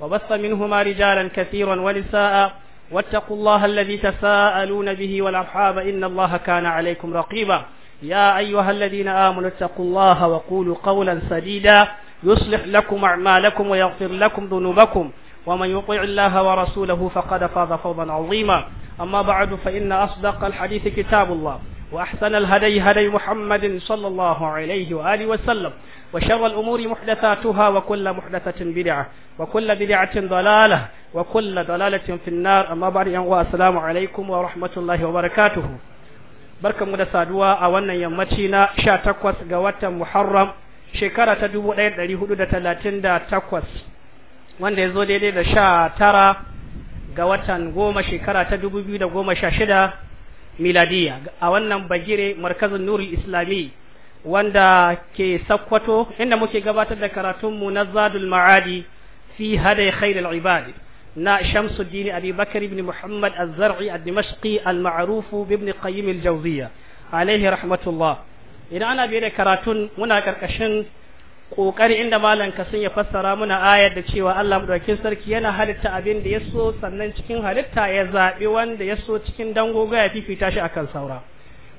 وبث منهما رجالا كثيرا ونساء واتقوا الله الذي تساءلون به والأرحاب إن الله كان عليكم رقيبا يا أيها الذين آمنوا اتقوا الله وقولوا قولا سديدا يصلح لكم أعمالكم ويغفر لكم ذنوبكم ومن يطع الله ورسوله فقد فاز فوضا عظيما أما بعد فإن أصدق الحديث كتاب الله وأحسن الهدي هدي محمد صلى الله عليه وآله وسلم وشر الأمور محدثاتها وكل محدثة بدعة وكل بدعة ضلالة وكل ضلالة في النار أما بعد السلام عليكم ورحمة الله وبركاته بركة مدسادوا أولا يمتينا شاتكوس قوات محرم شكرة تدوب ليد لهدود تلاتين دا تكوس وان دي زودي ليد شاترا قوات قوم شكرة تدوب بيد قوم شاشدا miladiya a wannan bagire markazin nuri islami wanda ke sakwato inda muke gabatar da karatunmu na zadul ma'adi fi hadai khairul ibad na shamsuddin abi bakar ibn muhammad az-zar'i dimashqi al-ma'ruf ibn qayyim al-jawziyya alaihi rahmatullah idan ana biye da karatun muna karkashin kokari inda malam sun ya fassara muna ayar da cewa Allah madaukakin sarki yana halitta abin da ya so sannan cikin halitta ya zabi wanda ya so cikin dangogo ya fifita shi akan saura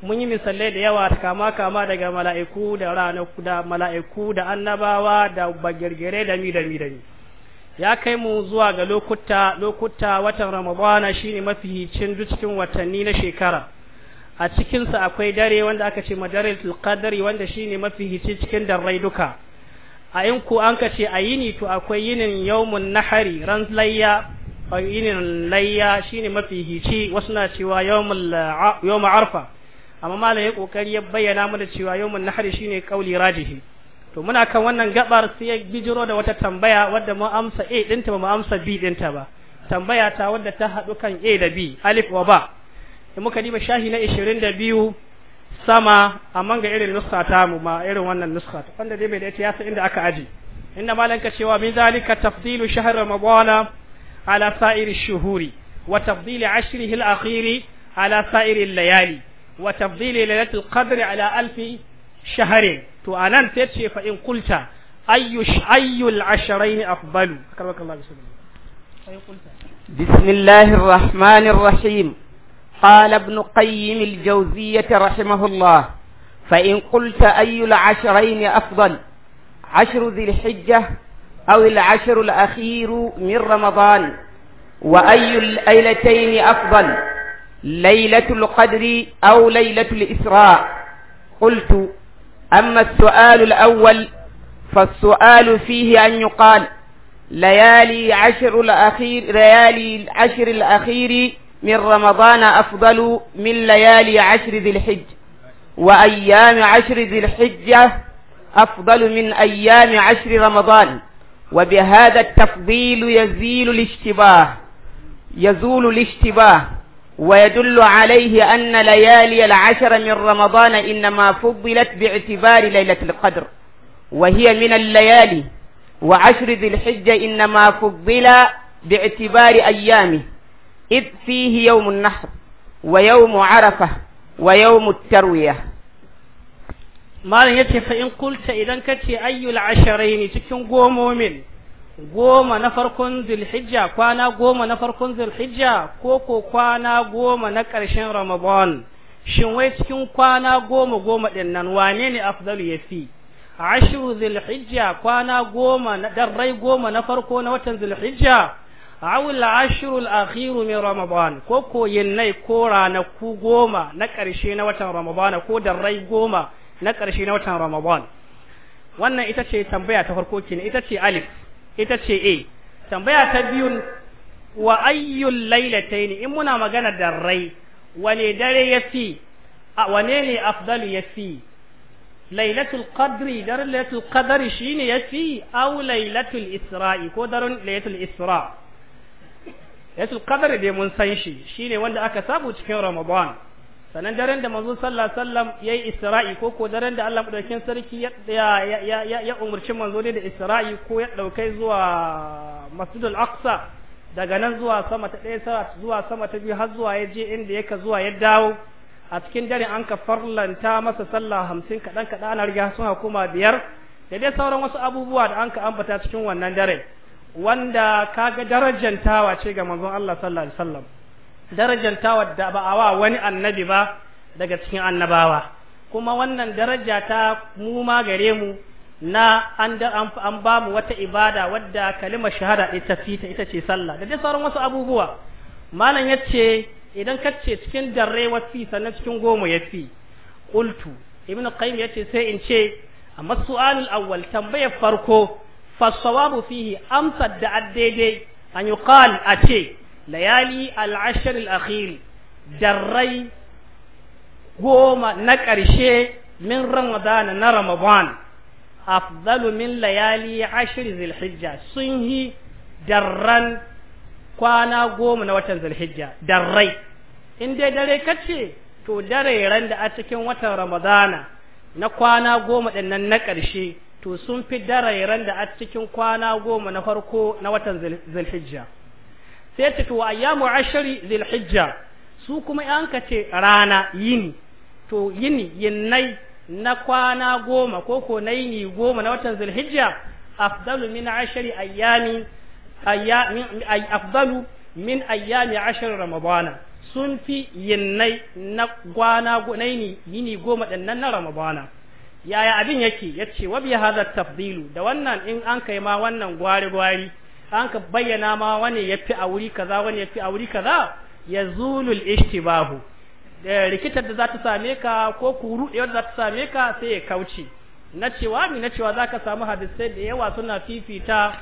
mun yi misalai da yawa kama kama daga mala'iku da ranaku da mala'iku da annabawa da bagirgire da mi da mi da mi ya kai mu zuwa ga lokuta lokuta watan ramadana shine mafi cin cikin watanni na shekara a cikinsa akwai dare wanda aka ce madaratul qadari wanda shine mafi hici cikin darrai duka a in ku an ka ce a yini to akwai yinin yawmun nahari ran layya a yinin layya shine mafi hici wasu na cewa yawmun arfa amma malam ya kokari ya bayyana mana cewa yawmun nahari shine kauli rajihi to muna kan wannan gabar sai ya bijiro da wata tambaya wadda mu amsa A dinta ba mu amsa B dinta ba tambaya ta wadda ta haɗu kan A da B alif wa ba in muka diba shahi na 22 sama amma ga irin nuska ta mu ma irin wannan nuska ta wanda dai bai da ita ya san inda aka aji inda malanka cewa min zalika tafdilu shahr ramadan ala sa'iri shuhuri wa tafdili ashrihi al-akhiri ala sa'iri layali wa tafdili lailatul qadri ala alfi shaharin to anan sai ce fa in qulta ayyu ayyul ashrayn afdalu akarbakallahu bismillah بسم الله الرحمن قال ابن قيم الجوزية رحمه الله فإن قلت أي العشرين أفضل عشر ذي الحجة أو العشر الأخير من رمضان وأي الليلتين أفضل ليلة القدر أو ليلة الإسراء قلت أما السؤال الأول فالسؤال فيه أن يقال ليالي عشر الأخير ليالي العشر الأخير من رمضان أفضل من ليالي عشر ذي الحج وأيام عشر ذي الحجة أفضل من أيام عشر رمضان وبهذا التفضيل يزيل الاشتباه يزول الاشتباه ويدل عليه أن ليالي العشر من رمضان إنما فضلت باعتبار ليلة القدر وهي من الليالي وعشر ذي الحجة إنما فضل باعتبار أيامه إذ فيه يوم النحر ويوم عرفة ويوم التروية malam yace fa in kulta idan kace ayyul asharaini cikin gomomin goma na farkon zulhijja kwana goma na farkon zulhijja ko ko kwana na ƙarshen ramadan shin wai cikin kwana goma goma din wane ne afdalu yafi ashru zulhijja kwana goma na darrai goma na farko na watan zulhijja awul ashirul akhiru min ramadan ko ko yinnai ko ranaku goma na ƙarshe na watan ramadan ko darrai goma na ƙarshe na watan ramadan wannan ita ce tambaya ta farko kenan ita ce alif ita ce a tambaya ta biyu wa ayyul lailataini in muna magana darrai wane dare yafi wane ne afdalu yafi lailatul qadri daren lailatul qadri shine yafi aw lailatul isra'i ko daren lailatul Isra'i. laisul qadar dai mun san shi shine wanda aka sabu cikin ramadan sanan daren da manzo sallallahu alaihi wasallam yayi isra'i ko ko daren da Allah madaukin sarki ya ya ya ya umurci manzo da isra'i ko ya daukai zuwa masjidul aqsa daga nan zuwa sama ta ɗaya sa zuwa sama ta biyu har zuwa ya je inda yaka zuwa ya dawo a cikin dare an ka farlanta masa sallah hamsin kadan kadan ana riga sun hukuma biyar da dai sauran wasu abubuwa da an ka ambata cikin wannan dare wanda kaga tawa ce ga manzon Allah sallallahu alaihi wasallam darajantawa da ba a wa wani annabi ba daga cikin annabawa kuma wannan daraja ta mu ma gare mu na an an ba mu wata ibada wadda kalimar shahada ita fita ita ce sallah da dai sauran wasu abubuwa malam yace idan kace cikin darre wasi sannan cikin goma yafi qultu ibnu qayyim yace sai in ce amma su'alul awwal tambayar farko fasawabu fihi amsar da addaidai an yi qal a ce layali al'ashar al'akhiri darrai goma na ƙarshe min ramadan na ramadan afdalu min layali ashir zilhijja sun yi darran kwana goma na watan zilhijja darrai in dai dare kace to dare ran da a cikin watan ramadana na kwana goma din na ƙarshe to sun fi darairan da a cikin kwana goma na farko na watan zulhijja sai ta to ayyamu ashri zulhijja su kuma an ka ce rana yini to yini yinnai na kwana goma ko ko ni goma na watan zulhijja afdalu min ashri ayyami ayyamin afdalu min ayyami ashri ramadana sun fi yinnai na kwana naini yini goma dannan na ramadana yaya abin yake yace wa bi hadha tafdilu da wannan in an kai ma wannan gwari gwari an ka bayyana ma wani yafi a wuri kaza wani yafi a wuri kaza yazulul ishtibahu da rikitar da za ta same ka ko kuruɗewar da za ta same ka sai ya kauce na cewa mi na cewa za ka samu hadisai da yawa suna fifita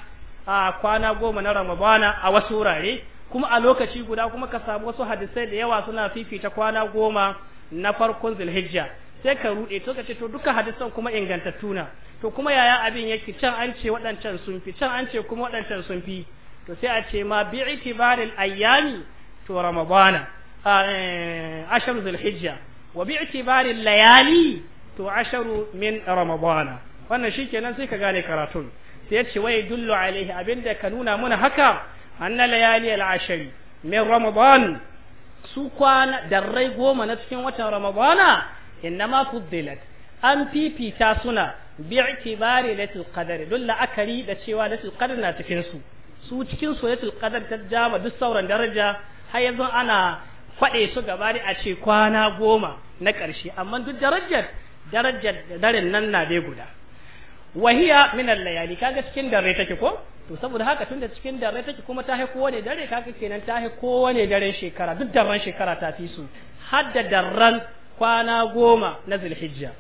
a kwana goma na ramadana a wasu wurare kuma a lokaci guda kuma ka samu wasu hadisai da yawa suna fifita kwana goma na farkon zulhijja sai ka ruɗe to ka ce to duka hadisan kuma ingantattu na to kuma yaya abin yake can an ce waɗancan sun fi can an ce kuma waɗancan sun fi to sai a ce ma bi itibaril ayyami to ramadana eh, ashar zulhijja wa bi itibaril layali to asharu min ramadana wannan shikenan sai ka gane karatun sai ya ce wai dullu alaihi abinda ka nuna muna haka anna layali al min ramadan su kwana darrai goma na cikin watan ramadana innama fuddilat an fifita suna bi'tibari latil qadari don la'akari da cewa latil qadar na cikinsu su su cikin su latil qadar ta jama duk sauran daraja har yanzu ana faɗe su gaba a ce kwana goma na ƙarshe amma duk darajar darajar daren nan na dai guda wahiya min al-layali kaga cikin dare take ko to saboda haka tunda cikin dare take kuma ta haiko wane dare kaga kenan ta haiko wane daren shekara duk daren shekara ta fi su hadda darran kwana goma na zulhijja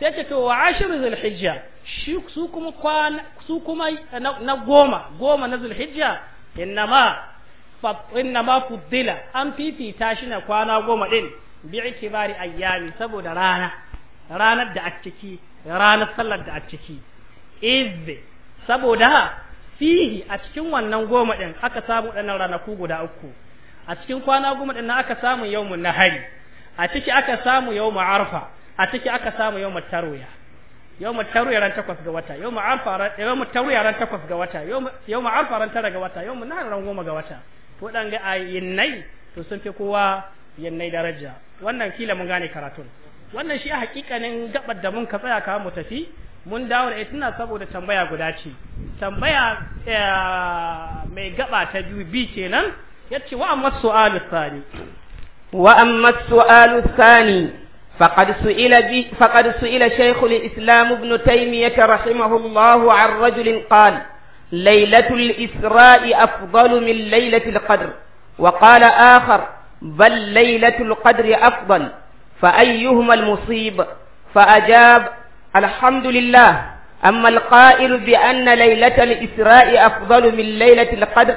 sai ce to wa ashiru zulhijja shi su kuma kwana su kuma na goma goma na zulhijja innama innama fuddila an fifita shi na kwana goma din bi itibari ayyami saboda rana ranar da a ciki ranar sallar da a ciki iz saboda fihi a cikin wannan goma din aka samu dan ranaku guda uku a cikin kwana goma din aka samu yawmun nahari a ciki aka samu yau arfa a ciki aka samu yau tarwiya yau tarwiya ran takwas ga wata yau arfa yau tarwiya ran takwas ga wata yau arfa ran tara ga wata yau nahar ran goma ga wata to dan ga ayinnai to sun fi kowa yannai daraja wannan kila mun gane karatun wannan shi a hakikanin gabar da mun ka tsaya ka mu tafi mun dawo da ita saboda tambaya guda ce tambaya eh, mai gaba ta biyu bi kenan yace wa amma su'alu tsari وأما السؤال الثاني فقد سئل فقد سئل شيخ الإسلام ابن تيمية رحمه الله عن رجل قال ليلة الإسراء أفضل من ليلة القدر وقال آخر بل ليلة القدر أفضل فأيهما المصيب فأجاب الحمد لله أما القائل بأن ليلة الإسراء أفضل من ليلة القدر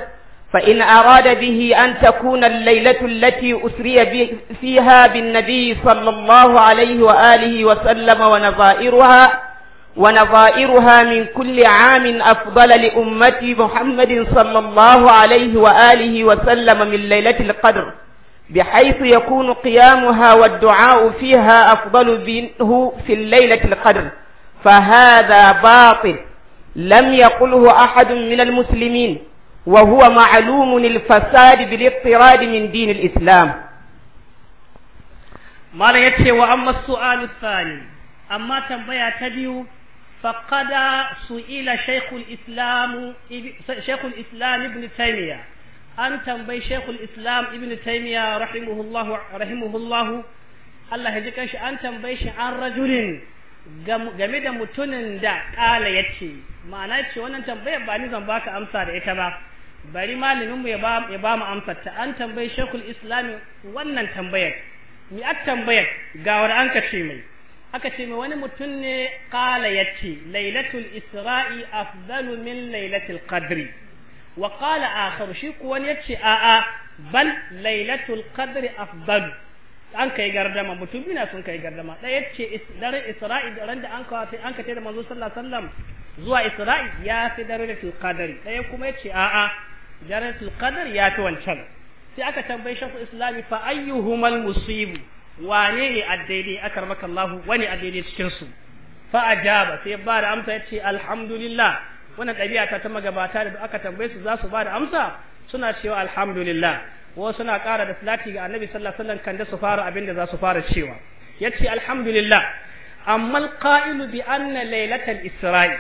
فإن أراد به أن تكون الليلة التي أسري فيها بالنبي صلى الله عليه وآله وسلم ونظائرها ونظائرها من كل عام أفضل لأمة محمد صلى الله عليه وآله وسلم من ليلة القدر بحيث يكون قيامها والدعاء فيها أفضل منه في الليلة القدر فهذا باطل لم يقله أحد من المسلمين وهو معلوم الفساد بالاضطراد من دين الإسلام ما لا يتشي وأما السؤال الثاني أما تنبيا تبيو فقد سئل شيخ الإسلام شيخ الإسلام ابن تيمية أن تنبي شيخ الإسلام ابن تيمية رحمه الله رحمه الله Allah ya ji kanshi an tambaye shi an rajulin game da mutumin da kala ya ce ma'ana ce wannan tambayar ba ni zan baka amsa da ita ba bari malaminmu ya ba mu amsar ta an tambayi shekul islami wannan tambayar mi at tambayar ga wani an kace mai aka ce mai wani mutum ne qala yace lailatul isra'i afdalu min lailatul qadri wa a akhar shi ko wani yace a a bal lailatul qadri afdalu an kai gardama mutum ina sun kai gardama da ya ce isra'i daren da ran da an kawo sai an kace da manzo sallallahu alaihi wasallam zuwa isra'i ya fi daren qadri ɗaya kuma yace a a darajatul qadar ya fi wancan sai aka tambaye shafu islami fa ayyuhumal musibu wane ne addaidai akarmaka Allah wani addaidai cikin su fa ajaba sai ba da amsa yace alhamdulillah wannan ɗabi'a ta ta magabata da aka tambaye su za su ba da amsa suna cewa alhamdulillah wa suna ƙara da salati ga annabi sallallahu alaihi wasallam kan da su fara abin da za su fara cewa yace alhamdulillah amma alqa'ilu bi anna lailatal isra'i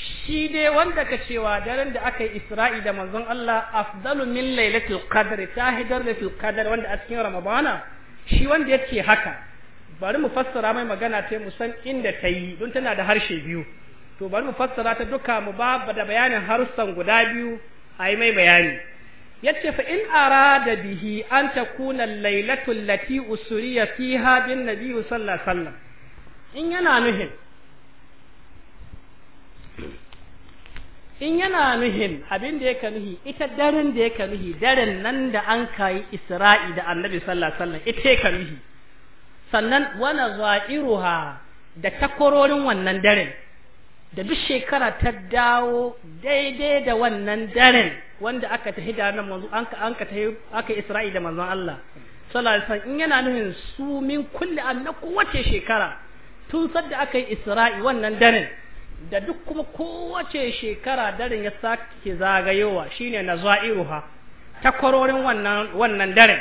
shi dai wanda ka cewa daren da aka yi isra'i da manzon Allah afdalu min lailatul qadr ta hidar lailatul qadr wanda a cikin ramadana shi wanda yake haka bari mu fassara mai magana ta mu san inda ta yi don tana da harshe biyu to bari mu fassara ta duka mu ba da bayanin harsan guda biyu a yi mai bayani yace fa in arada bihi an takuna lailatul lati usriya fiha bin nabiyyu sallallahu alaihi in yana nuhin in yana nuhin abin da yake nuhi ita daren da yake nuhi daren nan da an kayi isra'i da annabi sallallahu alaihi wasallam ita yake nuhi sannan wala za'iruha da takwarorin wannan daren da duk shekara ta dawo daidai da wannan daren wanda aka tafi da nan manzo an ka an ka tafi aka isra'i da manzon Allah sallallahu alaihi wasallam in yana nuhin su min kulli annaku wace shekara tun sadda aka yi isra'i wannan daren da duk kuma kowace shekara daren ya sake zagayowa shine na ta takwarorin wannan wannan daren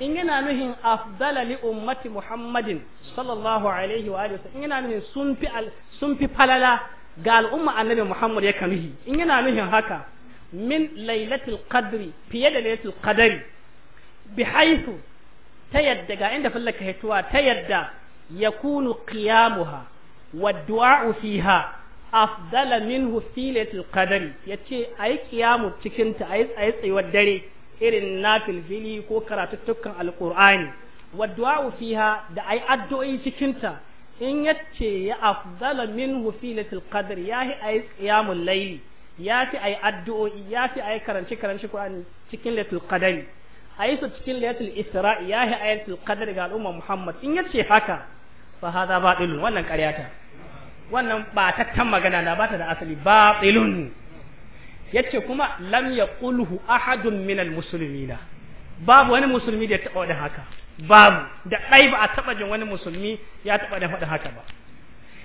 in yana nuhin afdala li ummati muhammadin sallallahu alaihi wa alihi in yana nuhin sun fi sun fi falala ga al'umma annabi muhammad ya kanuhi in yana nuhin haka min lailatul qadri fiye da lailatul qadari bi haythu ta yadda ga inda fallaka hituwa ta yadda yakunu qiyamuha wa du'a'u fiha afdala minhu filatul qadari yace ayi kiyamu cikin ta ayi tsaye tsayuwar dare irin nafil fili ko karatuttukan alqur'ani wa du'a fiha da ayi addu'o'i cikin ta in yace ya afdala minhu filatul qadr yahi ayi qiyamul layli yafi ayi ya yafi ayi karance karanci Qur'ani cikin lailatul qadari ayi su cikin lailatul isra yahi ayatul qadari ga al'umma Muhammad in yace haka fa hada ba'ilun wannan ƙaryata wannan ba tattan magana na bata da asali batilun yace kuma lam yaqulhu ahadun minal muslimina babu wani musulmi da ya taba wadin haka babu da dai ba a taba jin wani musulmi ya taba da faɗin haka ba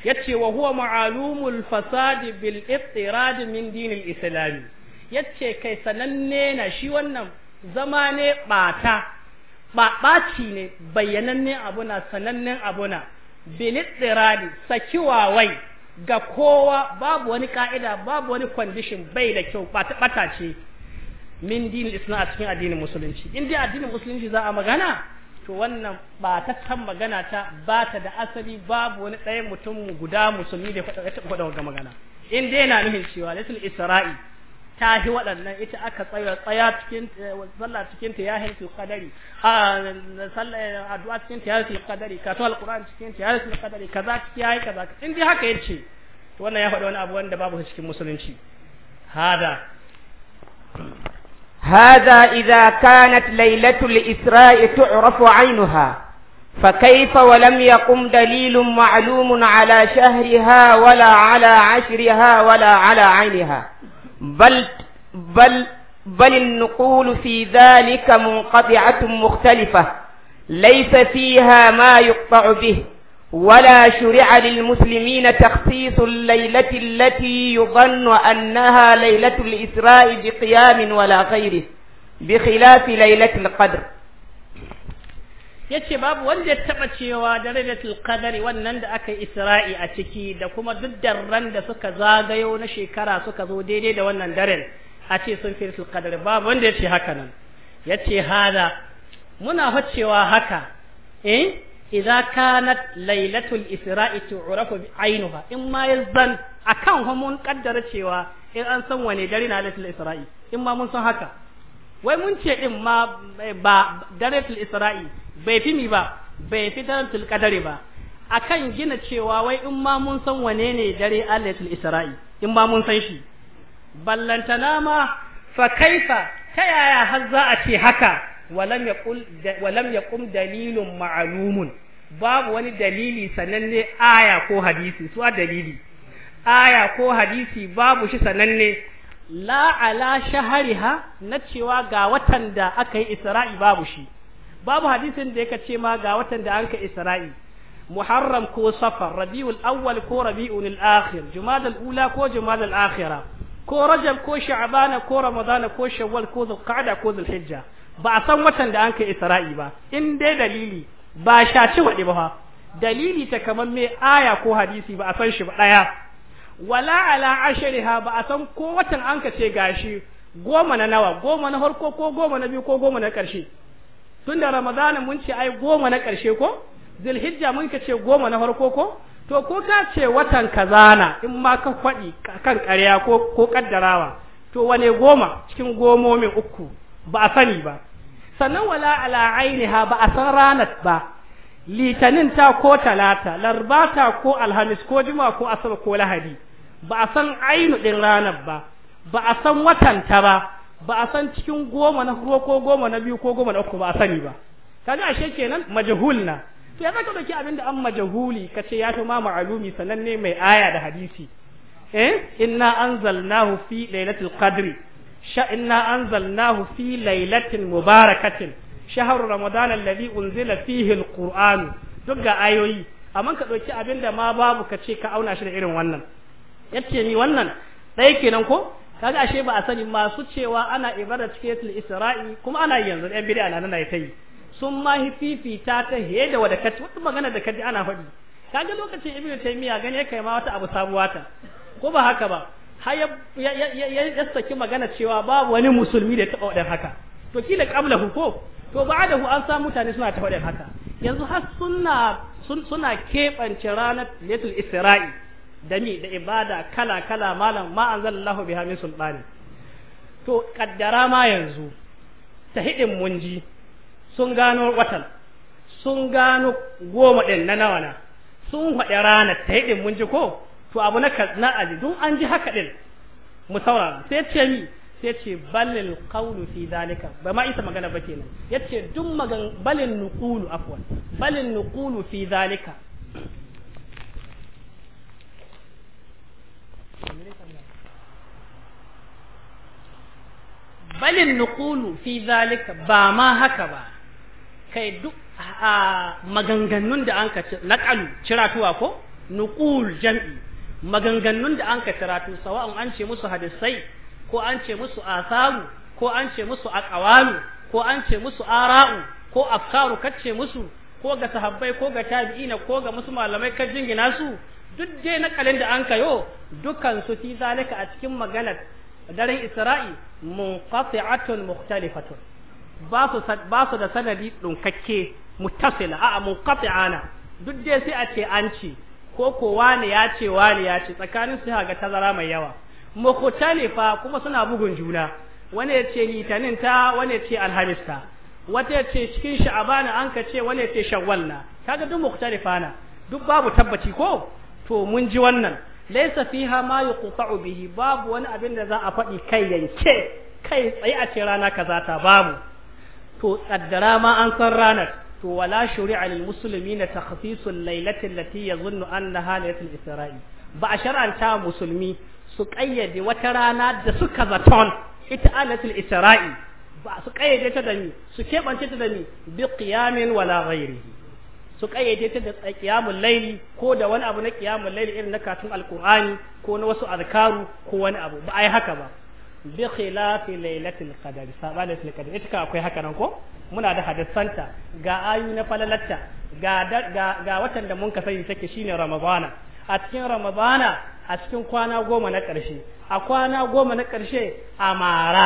yace wa huwa ma'alumul fasad bil ittirad min dinil islam yace kai sananne na shi wannan zama ne bata ba ne bayyananne abuna sanannen abuna bilistiradi saki wawai ga kowa babu wani ka'ida babu wani kwandishin bai da kyau bata ce min dinin islam a cikin addinin musulunci in dai addinin musulunci za a magana to wannan ba ta san magana ta ba ta da asali babu wani ɗayan mutum guda musulmi da ya faɗa ga magana in dai na nufin cewa lisul isra'i ta hi waɗannan ita aka tsaya tsaya cikin eh, sallah cikin ta ya hilfi qadari a sallah addu'a cikin ta ya hilfi qadari ka to alquran cikin ta ya hilfi qadari kaza ya yi kaza in dai haka yace to wannan ya faɗi wani abu wanda babu cikin musulunci hada hada idza kanat lailatul isra'i tu'rafu 'ainuha فكيف ولم يقم دليل معلوم على شهرها ولا على عشرها ولا على عينها بل بل بل النقول في ذلك منقطعة مختلفة ليس فيها ما يقطع به ولا شرع للمسلمين تخصيص الليلة التي يظن أنها ليلة الإسراء بقيام ولا غيره بخلاف ليلة القدر yace babu wanda ya taba cewa darajatul qadari wannan da aka yi isra'i a ciki da kuma duk darran da suka zagayo na shekara suka zo daidai da wannan daren a ce sun fi qadari babu wanda yace haka nan yace hada muna facewa haka eh idza kanat lailatul isra'i tu'rafu ainuha in ma yazan akan mun kaddara cewa in an san wane dare na lailatul isra'i in ma mun san haka wai mun ce din ma eh, ba daratul isra'i bai fi mi ba bai fi daratul kadari ba akan gina cewa wai in ma mun san wane ne dare Lailatul Isra'i in ma mun san shi ballantana ma fa kaifa ta yaya har za a ce haka walam yaqul walam yaqum dalilun ma'lumun babu wani dalili sananne aya ko hadisi su a dalili aya ko hadisi babu shi sananne la ala shahariha na cewa ga watan da aka yi Isra'i babu shi babu hadisin da yake ce ma ga watan da anka isra'i muharram ko safar rabiul awwal ko al akhir jumadal ula ko jumadal akhira ko rajab ko sha'bana ko ramadana ko shawwal ko zulqa'da ko zulhijja ba a san watan da anka isra'i ba in dai dalili ba shaci wadi ba dalili ta kamar me aya ko hadisi ba a san shi ba daya wala ala ashriha ba a san ko watan anka ce gashi goma na nawa goma na harko ko goma na biyu ko goma na karshe tun da ramadana mun ce ai goma na ƙarshe ko zulhijja mun ka ce goma na farko ko to ko ka ce watan kazana in ma ka faɗi kan ƙarya ko ƙaddarawa to wane goma cikin gomomin uku ba a sani ba sannan wala ala ainiha ba a san ranar ba litinin ta ko talata larbata ko alhamis ko juma ko asabar ko lahadi ba a san ainu din ranar ba ba a san watan ta ba ba a san cikin goma na ruwa ko goma na biyu ko goma na uku ba a sani ba kaga ashe kenan majhul na to ya zaka dauki abinda an majhuli kace ya fi ma ma'alumi sananne mai aya da hadisi eh inna anzalnahu fi lailatul qadri sha inna anzalnahu fi lailatin mubarakatin shahru ramadan alladhi unzila fihi alquran duk ga ayoyi amma ka dauki abinda ma babu kace ka auna shi da irin wannan yace ni wannan dai kenan ko kaga ashe ba a sani masu cewa ana da cikin isra'i kuma ana yanzu ɗan bid'a na nan ta yi sun ma fifita ta he da wada kaci wata magana da kaji ana faɗi kaga lokacin ibnu taymiya gani kai ma wata abu sabuwa ta ko ba haka ba har ya ya saki magana cewa babu wani musulmi da ya taɓa wadan haka to kila qablahu ko to ba'dahu an samu mutane suna ta wadan haka yanzu har suna suna keɓance ranar latul isra'i da da ibada kala kala malam ma anzalallahu biha min sultani to kaddara ma yanzu ta hidin munji sun gano watan sun gano goma din na nawa na sun hada rana ta hidin munji ko to abu na kazna aji dun an ji haka din mu saurara sai ce mi sai ce balil qawlu fi zalika ba ma isa magana ba kenan yace dun magan balin nuqulu afwan balin nuqulu fi zalika balin nukulu fi zalika ba ma haka ba kai duk a maganganun da an ka naƙalu ciratuwa ko nukul jam'i maganganun da an ka ciratu sawa'un an ce musu hadisai ko an ce musu asaru ko an ce musu aqwalu ko an ce musu ara'u ko afkaru kace musu ko ga sahabbai ko ga tabi'ina ko ga musu malamai ka jingina su duk da na kalin da an kayo dukan su fi zalika a cikin maganar daren Isra'i munqati'atun mukhtalifatun ba su ba su da sanadi dunkakke mutasila a'a munqati'ana duk dai sai a ce an ce ko ko wani ya ce wani ya ce tsakanin su ga tazara mai yawa mukhtalifa kuma suna bugun juna wani ya ce litanin ta wani ya ce alhamis ta wata ya ce cikin sha'abana an ka ce wani ya ce shawwal na kaga duk mukhtalifana na duk babu tabbaci ko to mun ji wannan laisa fiha ma yuqta'u bihi babu wani abin da za a faɗi kai yanke kai tsaye a ce rana kaza ta babu to tsaddara ma an san ranar to wala shuri'a lil muslimina takhsisul lailati allati yazunnu annaha lailatul isra'i ba a shar'anta musulmi su kayyade wata rana da suka zaton ita alatul isra'i ba su kayyade ta da ni su keɓance ta da ni bi qiyamin wala ghairihi su kayyade ta da qiyamul laili ko da wani abu na qiyamul laili irin na katun alqur'ani ko na wasu azkaru ko wani abu ba ai haka ba bi khilafi lailatul qadr lailatul qadar ita ka akwai haka nan ko muna da hadisanta ga ayu na falalatta ga ga watan da mun ka sani take shine ramadana a cikin ramadana a cikin kwana goma na ƙarshe a kwana goma na karshe amara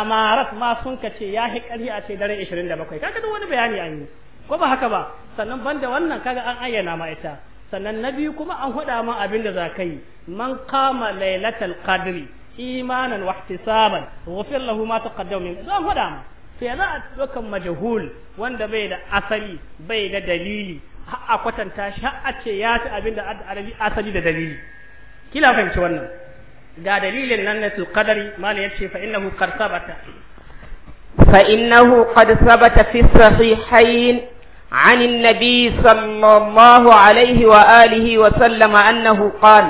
amara ma sun ka ce ya hi a ce daren 27 kaga duk wani bayani an yi ko ba haka ba sannan banda wannan kaga an ayyana ma ita sannan na biyu kuma an faɗa ma abin da za ka yi man kama lailatul qadri imanan wa ihtisaban ghufir lahu ma taqaddama min zan faɗa ma to ya za a dokan majhul wanda bai da asali bai da dalili har a kwatanta shi har a ce ya ci abin da asali da dalili kila fahimci wannan ga dalilin nan na qadari mala yace fa innahu qad sabata fa innahu qad sabata fi sahihayn عن النبي صلى الله عليه وآله وسلم أنه قال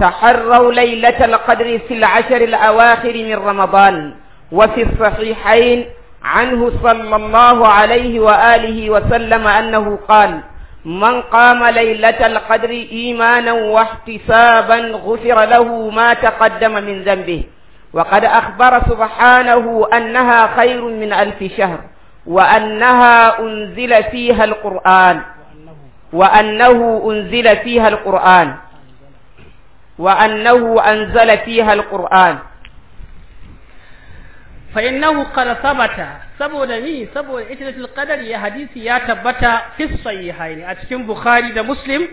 تحروا ليلة القدر في العشر الأواخر من رمضان وفي الصحيحين عنه صلى الله عليه وآله وسلم أنه قال من قام ليلة القدر إيمانا واحتسابا غفر له ما تقدم من ذنبه وقد أخبر سبحانه أنها خير من ألف شهر وأنها Wa'annahu فيها القرآن وأنه أنزل فيها القرآن وأنه أنزل فيها القرآن فإنه قد ثبت saboda ni saboda itilatul qadar ya hadisi ya tabbata fi sahihaini a cikin bukhari da muslim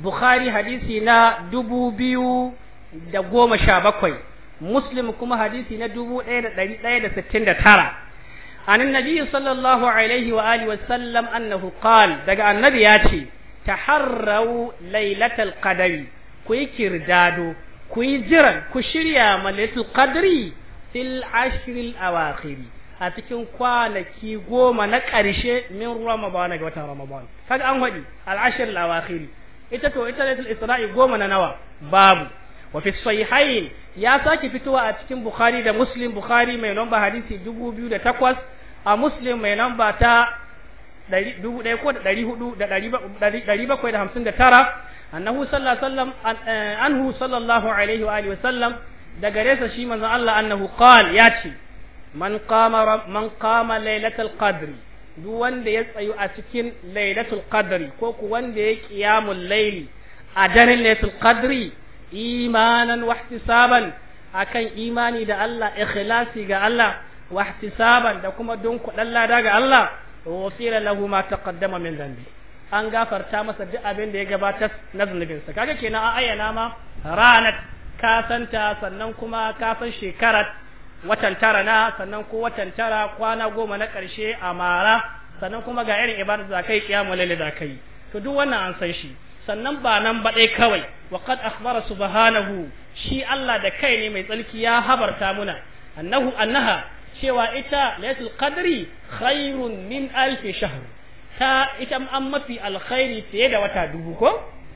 bukhari hadisi na dubu biyu da goma sha bakwai muslim kuma hadisi na dubu ɗaya da ɗari ɗaya da sittin da tara عن النبي صلى الله عليه وآله وسلم أنه قال دقى النبي ياتي تحروا ليلة القدر كوي كردادو كوي جرا كشريا مليلة القدر في العشر الأواخر أتكن كوانكي قوما نكارشي من رمضان قوة رمضان هذا أنهدي العشر الأواخر إتكو إتلت الإسراء قوما نوا بابو وفي الصحيحين يا ساكي فتوى أتكن بخاري دا مسلم بخاري ما ينبه حديثي جبو بيو دا تقوى a muslim mai namba ta da 1459 annahu sallallahu sallam eh, anhu sallallahu alaihi wa alihi wasallam da gare shi manzon Allah annahu qal ya ce man qama man qama lailatul qadri duk wanda ya tsayu a cikin lailatul qadri ko ku wanda ya qiyamul layli a daren lailatul qadri imanan wa ihtisaban akan imani da Allah ikhlasi ga Allah wa ihtisaban da kuma don kudan lada ga Allah wasira lahu ma taqaddama min dhanbi an gafarta masa duk abin da ya gabatar na zunubin sa kaga kenan an ayyana ma Ranar ka santa sannan kuma ka san shekarar watan tara na sannan ko watan tara kwana goma na karshe a mara sannan kuma ga irin ibada da kai kiyamul lail da kai to duk wannan an san shi sannan ba nan ba dai kawai wa qad akhbara subhanahu shi Allah da kai ne mai tsarki ya habarta muna annahu annaha cewa ita lailatul qadri khairun min alf shahr ta ita an mafi alkhairi fiye da wata dubu ko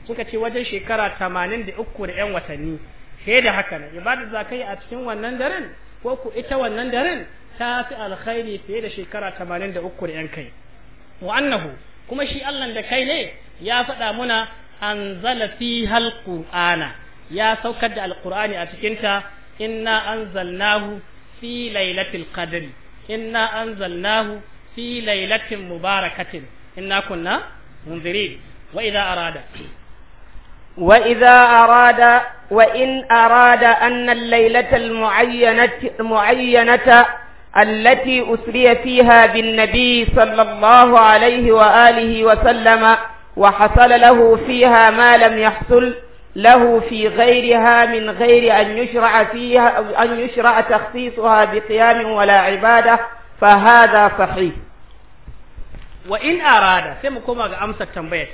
suka ce wajen shekara 83 da yan watanni fiye da haka ne ibada za ka yi a cikin wannan daren ko ku ita wannan daren ta fi alkhairi fiye da shekara 83 da yan kai wa annahu kuma shi Allah da kai ne ya faɗa muna anzala fiha alqur'ana ya saukar da alqur'ani a cikin ta inna anzalnahu في ليلة القدر إنا أنزلناه في ليلة مباركة إنا كنا منذرين وإذا أراد وإذا أراد وإن أراد أن الليلة المعينة المعينة التي أسري فيها بالنبي صلى الله عليه وآله وسلم وحصل له فيها ما لم يحصل له في غيرها من غير أن يشرع فيها أن يشرع تخصيصها بقيام ولا عبادة فهذا صحيح وإن أراد سمكما أمسك تنبيت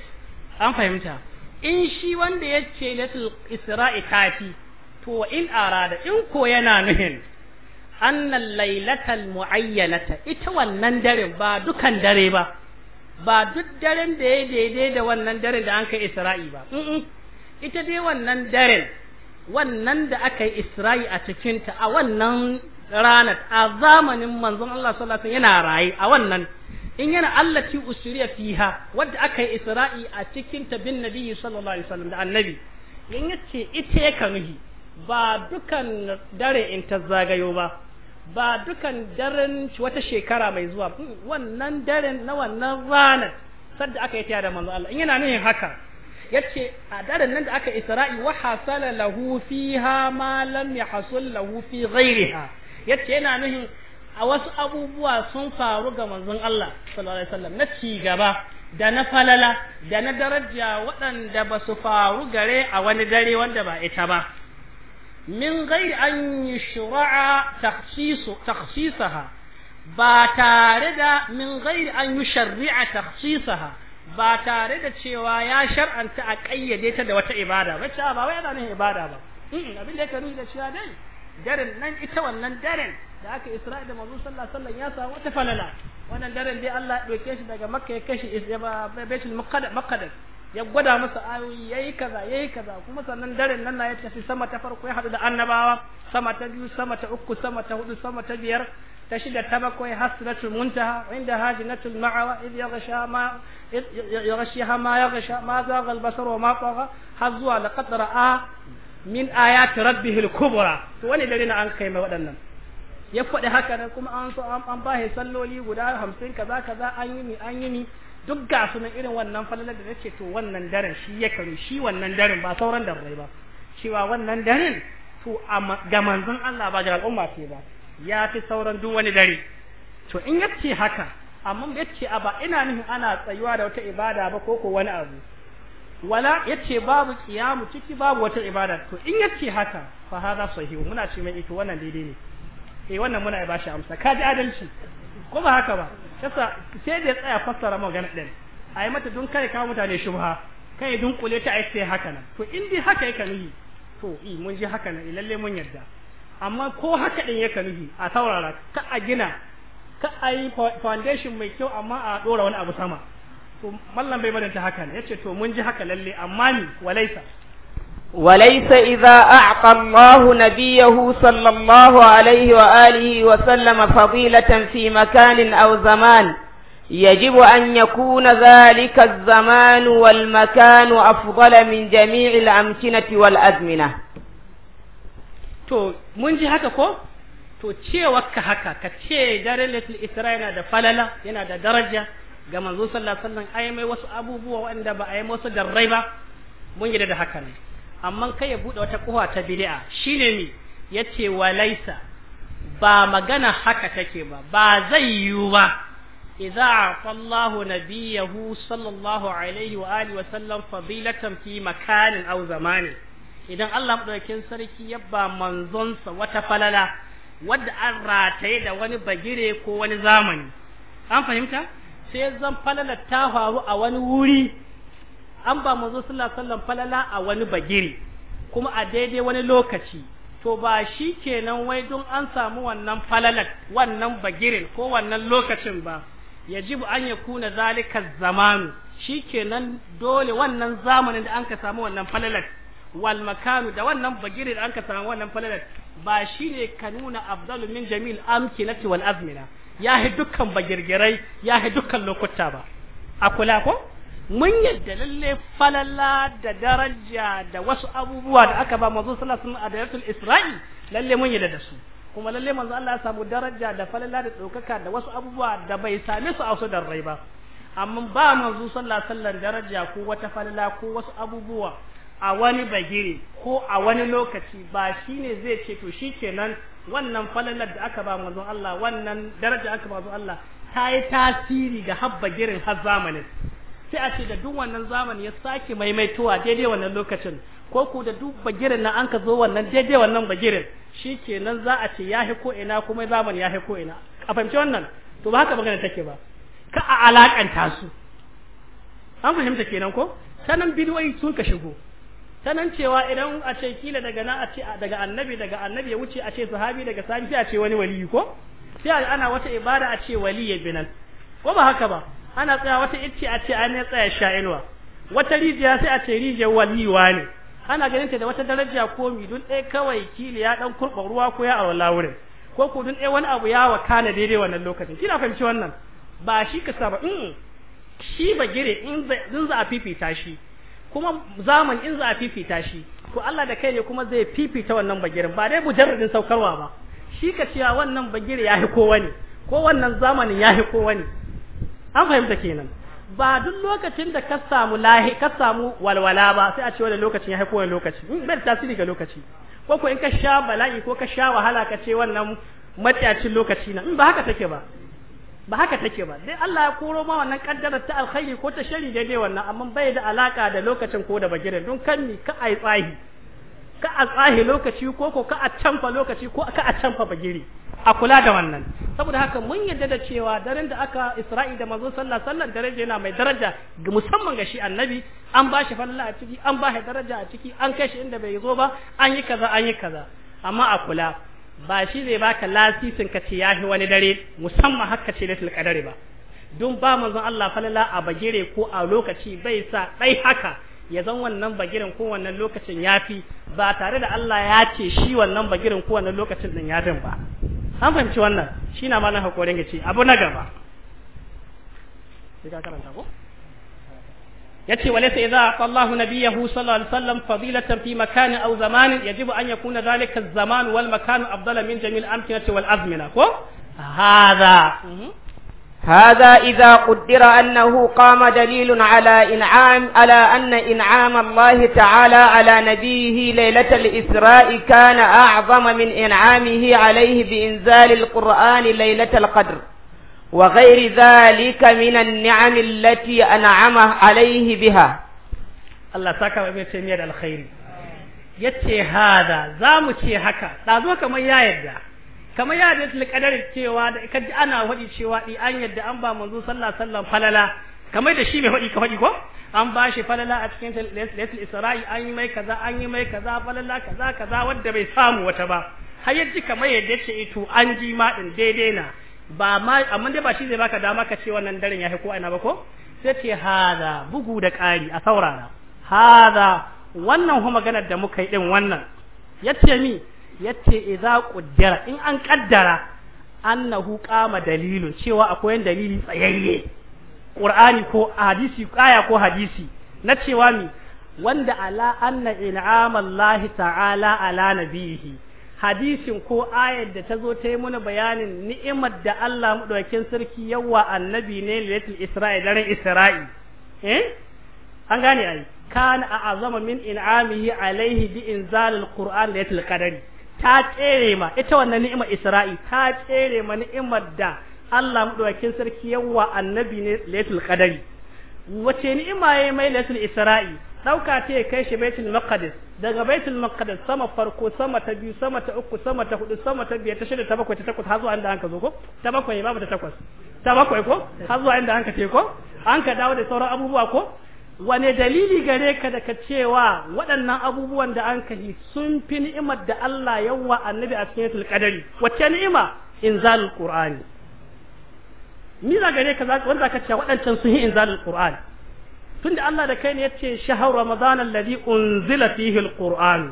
أم فهمتها in shi wanda ya ce latul isra'i tati to in arada in ko yana nuhin annal lailatal muayyanata ita wannan daren ba dukan dare ba ba duk daren da ya daidai da wannan daren da an kai isra'i ita dai wannan daren wannan da aka yi isra'i a cikinta a wannan ranar a zamanin manzon Allah sallallahu alaihi yana raye a wannan in yana allati usriya fiha wadda aka yi isra'i a cikin ta bin nabi sallallahu alaihi wasallam da annabi in yace ita ya kanuhi ba dukan dare in ta zagayo ba ba dukan daren wata shekara mai zuwa hmm, wannan daren na wannan ranar sadda aka yi ta da manzon Allah in yana nuna haka yace a daren nan da aka isra'i wa hasala lahu fiha ma lam yahsul lahu fi ghayriha yace yana nuhin a wasu abubuwa sun faru ga manzon Allah sallallahu alaihi wasallam na ci gaba da na falala da na daraja waɗanda ba su faru gare a wani dare wanda ba ita ba min ghairi an yushra'a takhsisu takhsisaha ba tare da min ghairi an yushri'a takhsisaha ba tare da cewa ya shar'anta a kayyade ta da wata ibada ba cewa ba wai yana nuna ibada ba abin da yake nuni da cewa dai daren nan ita wannan daren da aka Isra'i da manzo sallallahu alaihi wasallam ya samu wata falala wannan daren dai Allah ya doke shi daga Makka ya kashi Baitul Muqaddas ya gwada masa ayoyi yayi kaza yayi kaza kuma sannan daren nan na ya tafi sama ta farko ya hadu da annabawa sama ta biyu sama ta uku sama ta hudu sama ta biyar تشد التبقى حسرة المنتهى عندها جنة المعوى إذ يغشى ما يغشيها ما يغشى ما زاغ البصر وما طغى حظوا لقد رأى min ayati rabbihil kubra to wani dare na an kai waɗannan ya faɗi haka nan kuma an so an ba salloli guda hamsin kaza kaza an yi ni an yi ni duk ga su irin wannan falalar da nace to wannan daren shi ya karu shi wannan daren ba sauran ba wannan to ga manzon Allah ba al'umma ce ba ya fi sauran duk wani dare to in yace haka amma yace a ba ina nufin ana tsayuwa da wata ibada ba ko ko wani abu wala yace babu kiyamu ciki babu wata ibada to in yace haka fa haza sahihu muna ce mai ita wannan daidai ne eh wannan muna ba shi amsa ka ji adalci ko ba haka ba kasa sai da tsaya fassara magana din a yi mata don kare kawo mutane shubha kai dunkule kule ta ai sai haka nan to in dai haka yake nihi to i mun ji haka nan lalle mun yarda amma ko haka din yaka nufi a saurara ka a gina ka a yi foundation mai kyau amma a dora wani abu sama to mallam bai madanta haka ne yace to mun ji haka lalle amma ni walaisa وليس إذا أعطى الله نبيه صلى wa عليه وآله وسلم فضيلة في مكان أو زمان يجب أن يكون ذلك الزمان والمكان أفضل من جميع الأمكنة والأزمنة to mun ji haka ko to cewa ka haka ka ce daren latul isra yana da falala yana da daraja ga manzo sallallahu alaihi wasallam ai mai wasu abubuwa wanda ba ai wasu darrai ba mun gida da haka ne amma kai ya bude wata kuwa ta bid'a shine ni yace walaisa ba magana haka take ba ba zai yiwu ba idza afallahu nabiyahu sallallahu alaihi wa alihi wa sallam fadilatan fi makanin aw zamanin idan Allah madaukakin sarki ya ba manzonsa wata falala wadda an rataye da wani bagire ko wani zamani an fahimta sai zan falala ta faru a wani wuri an ba manzo sallallahu alaihi falala a wani bagire kuma a daidai wani lokaci to ba shi kenan wai don an samu wannan falalat wannan bagirin ko wannan lokacin ba yajibu an ya kuna zalika zamanu shi kenan dole wannan zamanin da an ka samu wannan falalat wal makanu da wannan bagire da anka samu wannan falalar ba shine ka nuna afdalu min jamil amkinati wal azmina ya hi dukkan bagirgirai ya hi dukkan lokuta ba a kula ko mun yadda lalle falala da daraja da wasu abubuwa da aka ba manzo sallallahu alaihi wasallam a dayatul isra'i lalle mun yadda da su kuma lalle manzo Allah ya samu daraja da falala da ɗaukaka da wasu abubuwa da bai same su a wasu darrai ba amma ba manzo sallallahu alaihi wasallam daraja ko wata falala ko wasu abubuwa a wani bagire ko a wani lokaci ba shi ne zai ce to shi shikenan wannan falalar da aka ba manzon Allah wannan daraja aka ba manzon Allah ta yi tasiri ga habba girin har zamanin sai a ce da duk wannan zamani ya sake maimaitowa daidai wannan lokacin ko ku da duk bagirin na an ka zo wannan daidai wannan bagirin shikenan za a ce yahi ko ina kuma zamani yahi ko ina a fahimci wannan to ba haka magana take ba ka a alakanta su an fahimta kenan ko sanan bidiyoyi sun ka shigo sanan cewa idan a ce kila daga na a ce daga annabi daga annabi ya wuce a ce sahabi daga sahabi sai a ce wani wali ko sai ana wata ibada a ce wali ya binan ko ba haka ba ana tsaya wata icce a ce an tsaya sha'ilwa wata rijiya sai a ce rijiyar waliwa ne ana ganin ta da wata daraja ko mi dun ɗaya kawai kila ya dan kurɓa ruwa ko ya awala wurin ko ko dun ɗaya wani abu ya wakana daidai wannan lokacin kina fahimci wannan ba shi ka saba in mm. shi ba gire in za a fifita shi kuma zaman in za a fifita shi to Allah da kai ne kuma zai fifita wannan bagirin ba dai mujarradin saukarwa ba shi ka cewa wannan bagiri ya kowa ne ko wannan zamanin ya kowa ne an fahimta kenan ba duk lokacin da ka samu lahi ka samu walwala ba sai a ce wani lokacin ya yahi kowa lokaci in hmm, bai tasiri ga lokaci ko ko in ka sha bala'i ko ka sha wahala ka ce wannan matsayacin lokaci na in hmm, ba haka take ba ba haka take ba dai Allah ya koro ma wannan kaddarar ta alkhairi ko ta shari daidai wannan amma bai da alaka da lokacin ko da bagiren don kan ni ka ai tsahi ka a tsahi lokaci ko ko ka a canfa lokaci ko ka a canfa bagiri a kula da wannan saboda haka mun yarda da cewa daren da aka Isra'i da manzo sallallahu alaihi daraja yana mai daraja musamman ga shi annabi an ba shi falla a ciki an ba shi daraja a ciki an kai shi inda bai zo ba an yi kaza an yi kaza amma a kula ba shi zai baka lasisin ka ce yahi wani dare musamman haka ce lailatul qadari ba don ba manzon Allah falala a bagire ko a lokaci bai sa dai haka ya zan wannan bagiren ko wannan lokacin yafi ba tare da Allah ya ce shi wannan bagiren ko wannan lokacin din yafin ba an fahimci wannan shi na ma na hakorin ya ce abu na gaba sai ka karanta ko yace walaysa idza ata Allahu nabiyahu sallallahu alaihi wasallam fadilatan fi makan aw zaman yajibu an yakuna dhalika az-zaman wal makan afdala min jami'il amkinati wal azmina ko هذا هذا إذا قدر أنه قام دليل على إنعام على أن إنعام الله تعالى على نبيه ليلة الإسراء كان أعظم من إنعامه عليه بإنزال القرآن ليلة القدر وغير ذلك من النعم التي أنعم عليه بها الله ساكا ابن تيمية الخير yace hada za mu ce haka ɗazo kamar ya yadda kamar ya yadda da kadarin cewa da kaji ana faɗi cewa ɗi an yadda an ba manzo sallah sallan falala kamar da shi mai faɗi ka faɗi ko an ba shi falala a cikin lailatul isra'i an yi mai kaza an yi mai kaza falala kaza kaza wanda bai samu wata ba har yaji kamar yadda ce ito eh, an ji ma din daidai na ba ma amma dai ba shi zai baka dama ka ce wannan daren yafi ko aina ba ko sai ce hada bugu da ƙari a saurara hada wannan ho maganar da muka yi din wannan yace mi yace idza jira in an kaddara annahu qama dalilun cewa akwai dalili tsayayye qur'ani ko hadisi aya ko hadisi na cewa mi wanda ala anna in'amallahi ta'ala ala nabihi hadisin ko ayar da ta zo ta yi muna bayanin ni'imar da Allah maɗaukin sarki yawa annabi ne lilatul isra'i daren isra'i eh an gane ai kana a azama min in'amihi alaihi bi inzalil qur'an lilatul qadari ta tsere ma ita wannan ni'imar isra'i ta tsere ma ni'imar da Allah maɗaukin sarki yawa annabi ne lilatul qadari wace ni'ima yayi mai lilatul isra'i ta ce kai shi baitul maqdis daga baitul maqdis sama farko sama ta biyu sama ta uku sama ta hudu sama ta biyar ta shida ta bakwai ta takwas har zuwa inda an ka zo ko ta bakwai babu ta takwas ta bakwai ko har zuwa inda an ka ce ko an ka dawo da sauran abubuwa ko wane dalili gare ka da ka cewa waɗannan abubuwan da an kahi sun fi ni'imar da Allah yawa annabi a cikin yatul qadari wacce ni'ima inzalul qur'ani ni da gare ka wanda ka ce waɗancan sun yi inzalul qur'ani tunda Allah da kai ne yace shahar ramadan alladhi unzila fihi alquran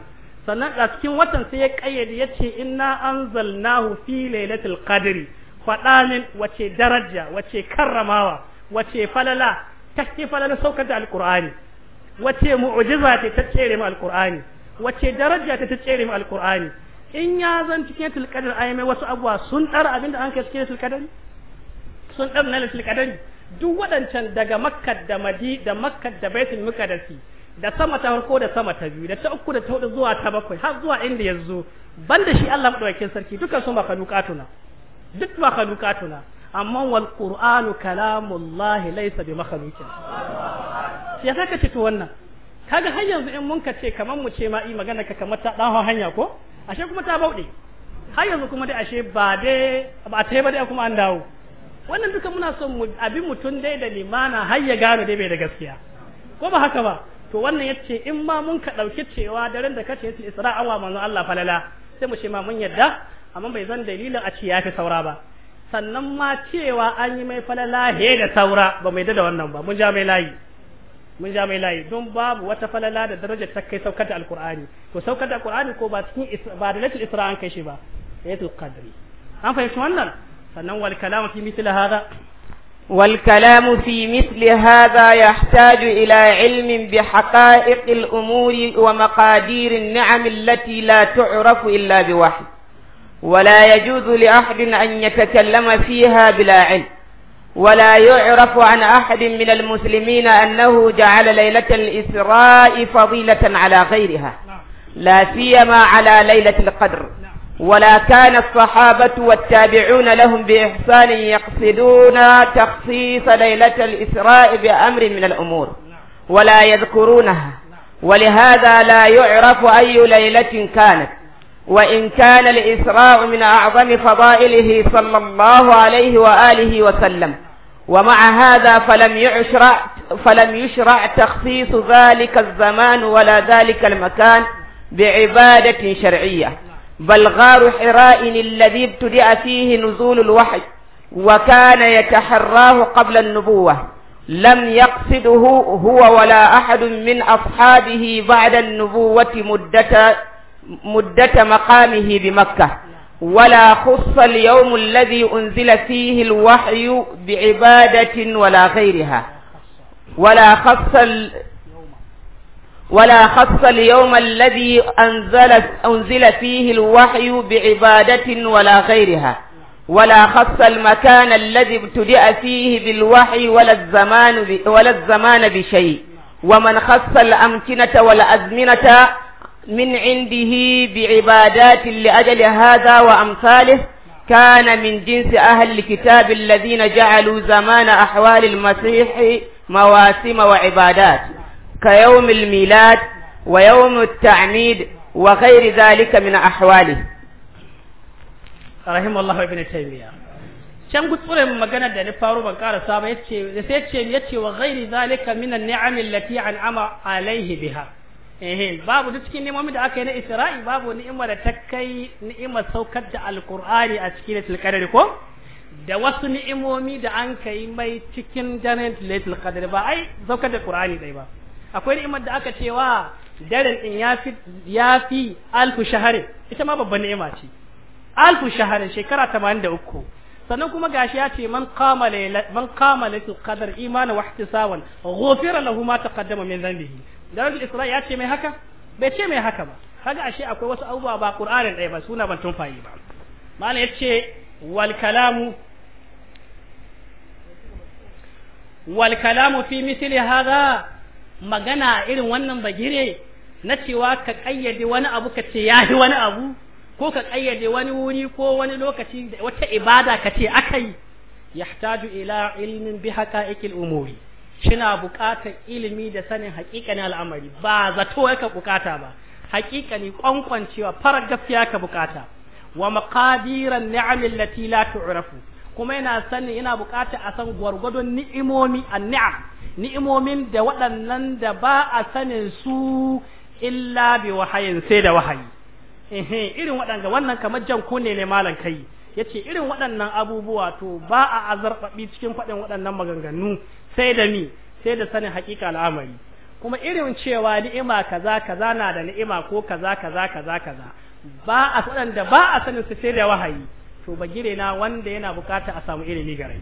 sannan a cikin watan sai ya kayyade yace inna anzalnahu fi lailatul qadri faɗa min wace daraja wace karramawa wace falala ta falala saukar da alkur'ani wace mu'ujiza ta ta tsere mu alkur'ani wace daraja ta ta tsere mu alkur'ani in ya zan cikin tulkadar ayyamai wasu abuwa sun ɗara abinda an kai cikin tulkadar sun ɗara na tulkadar duk waɗancan daga makka da madi da makka da baitul muqaddasi da sama ta harko da sama ta biyu da ta uku da ta hudu zuwa ta bakwai har zuwa inda ya zo banda shi Allah madaukakin sarki dukkan su makhluqatuna duk makhluqatuna amma wal qur'anu kalamullah laysa bi makhluqin ya saka ce to wannan kaga har yanzu in mun ce kaman mu ce ma i magana ka kamar ta dan hanya ko ashe kuma ta bauɗe har yanzu kuma dai ashe ba dai ba ta yi ba dai kuma an dawo wannan duka muna son abin mutum dai da limana har ya gano dai bai da gaskiya ko ba haka ba to wannan yace in ma mun ka dauki cewa daren da kace yace Isra wa manzo Allah falala sai mu ce ma mun yadda amma bai zan dalilin a ce ya fi saura ba sannan ma cewa an yi mai falala he da saura ba mai da wannan ba mun ja mai layi mun ja mai layi don babu wata falala da darajar ta kai saukar da alkur'ani to saukar da alkur'ani ko ba cikin ba da lati isra an kai shi ba latul qadri an fahimci wannan فنوى الكلام في مثل هذا والكلام في مثل هذا يحتاج إلى علم بحقائق الأمور ومقادير النعم التي لا تعرف إلا بوحي ولا يجوز لأحد أن يتكلم فيها بلا علم ولا يعرف عن أحد من المسلمين أنه جعل ليلة الإسراء فضيلة على غيرها نعم. لا سيما على ليلة القدر نعم. ولا كان الصحابة والتابعون لهم بإحسان يقصدون تخصيص ليلة الإسراء بأمر من الأمور ولا يذكرونها ولهذا لا يعرف أي ليلة كانت وإن كان الإسراء من أعظم فضائله صلى الله عليه وآله وسلم ومع هذا فلم يشرع فلم يشرع تخصيص ذلك الزمان ولا ذلك المكان بعبادة شرعية بل غار حراء الذي ابتدأ فيه نزول الوحي وكان يتحراه قبل النبوة لم يقصده هو ولا أحد من أصحابه بعد النبوة مدة مدة مقامه بمكة ولا خص اليوم الذي أنزل فيه الوحي بعبادة ولا غيرها ولا خص ولا خص اليوم الذي أنزل, أنزل فيه الوحي بعبادة ولا غيرها ولا خص المكان الذي ابتدأ فيه بالوحي ولا الزمان, ولا الزمان بشيء ومن خص الأمكنة والأزمنة من عنده بعبادات لأجل هذا وأمثاله كان من جنس أهل الكتاب الذين جعلوا زمان أحوال المسيح مواسم وعبادات كيوم الميلاد ويوم التعميد وغير ذلك من أحواله رحمه الله ابن تيمية can gutsuren magana da na faru ban karasa ba yace da sai yace yace wa ghairi zalika min an'ama alaihi babu duk cikin da aka yi na Isra'i babu ni'ima da ta kai ni'ima saukar da Alƙur'ani a cikin lailatul qadr ko da wasu ni'imomi da an kai mai cikin daren lailatul qadr ba ai saukar da qur'ani dai ba akwai ni'imar da aka cewa daren in yafi yafi alfu shaharin ita ma babban ni'ima ce alfu shaharin shekara 83 sannan kuma gashi ya ce man qama man qama lailatul qadr imana wa ihtisaban ghufira lahu ma taqaddama min dhanbihi daren isra ya ce mai haka bai ce mai haka ba kaga ashe akwai wasu abubuwa ba qur'anin ɗaya ba suna ban tunfayi ba malam yace wal kalamu wal kalamu fi misli hadha magana irin wannan bagire na cewa ka kayyade wani abu ka ce ya yi wani abu ko ka kayyade wani wuri ko wani lokaci da wata ibada ka ce ya yahtaju ila ilimin bi haka ikil umuri shina buƙatar ilimi da sanin haƙiƙanin al'amari ba zato yaka bukata ba haƙiƙani kwankwancewa farar gaskiya ka bukata wa maqadiran ni'amin lati la tu'rafu kuma yana sanin yana bukata a san gwargwadon ni'imomi an-ni'am ni'imomin da waɗannan da ba a sanin su illa bi wahayin sai da wahayi ehe irin waɗanda wannan kamar jan kunne ne malam kai yace irin waɗannan abubuwa to ba a azarbabi cikin faɗin waɗannan maganganu sai da ni sai da sanin haƙiƙa al'amari kuma irin cewa ni'ima kaza kaza na da ni'ima ko kaza kaza kaza kaza ba a waɗanda ba a sanin su sai da wahayi to bagire na wanda yana bukata a samu ilimi gare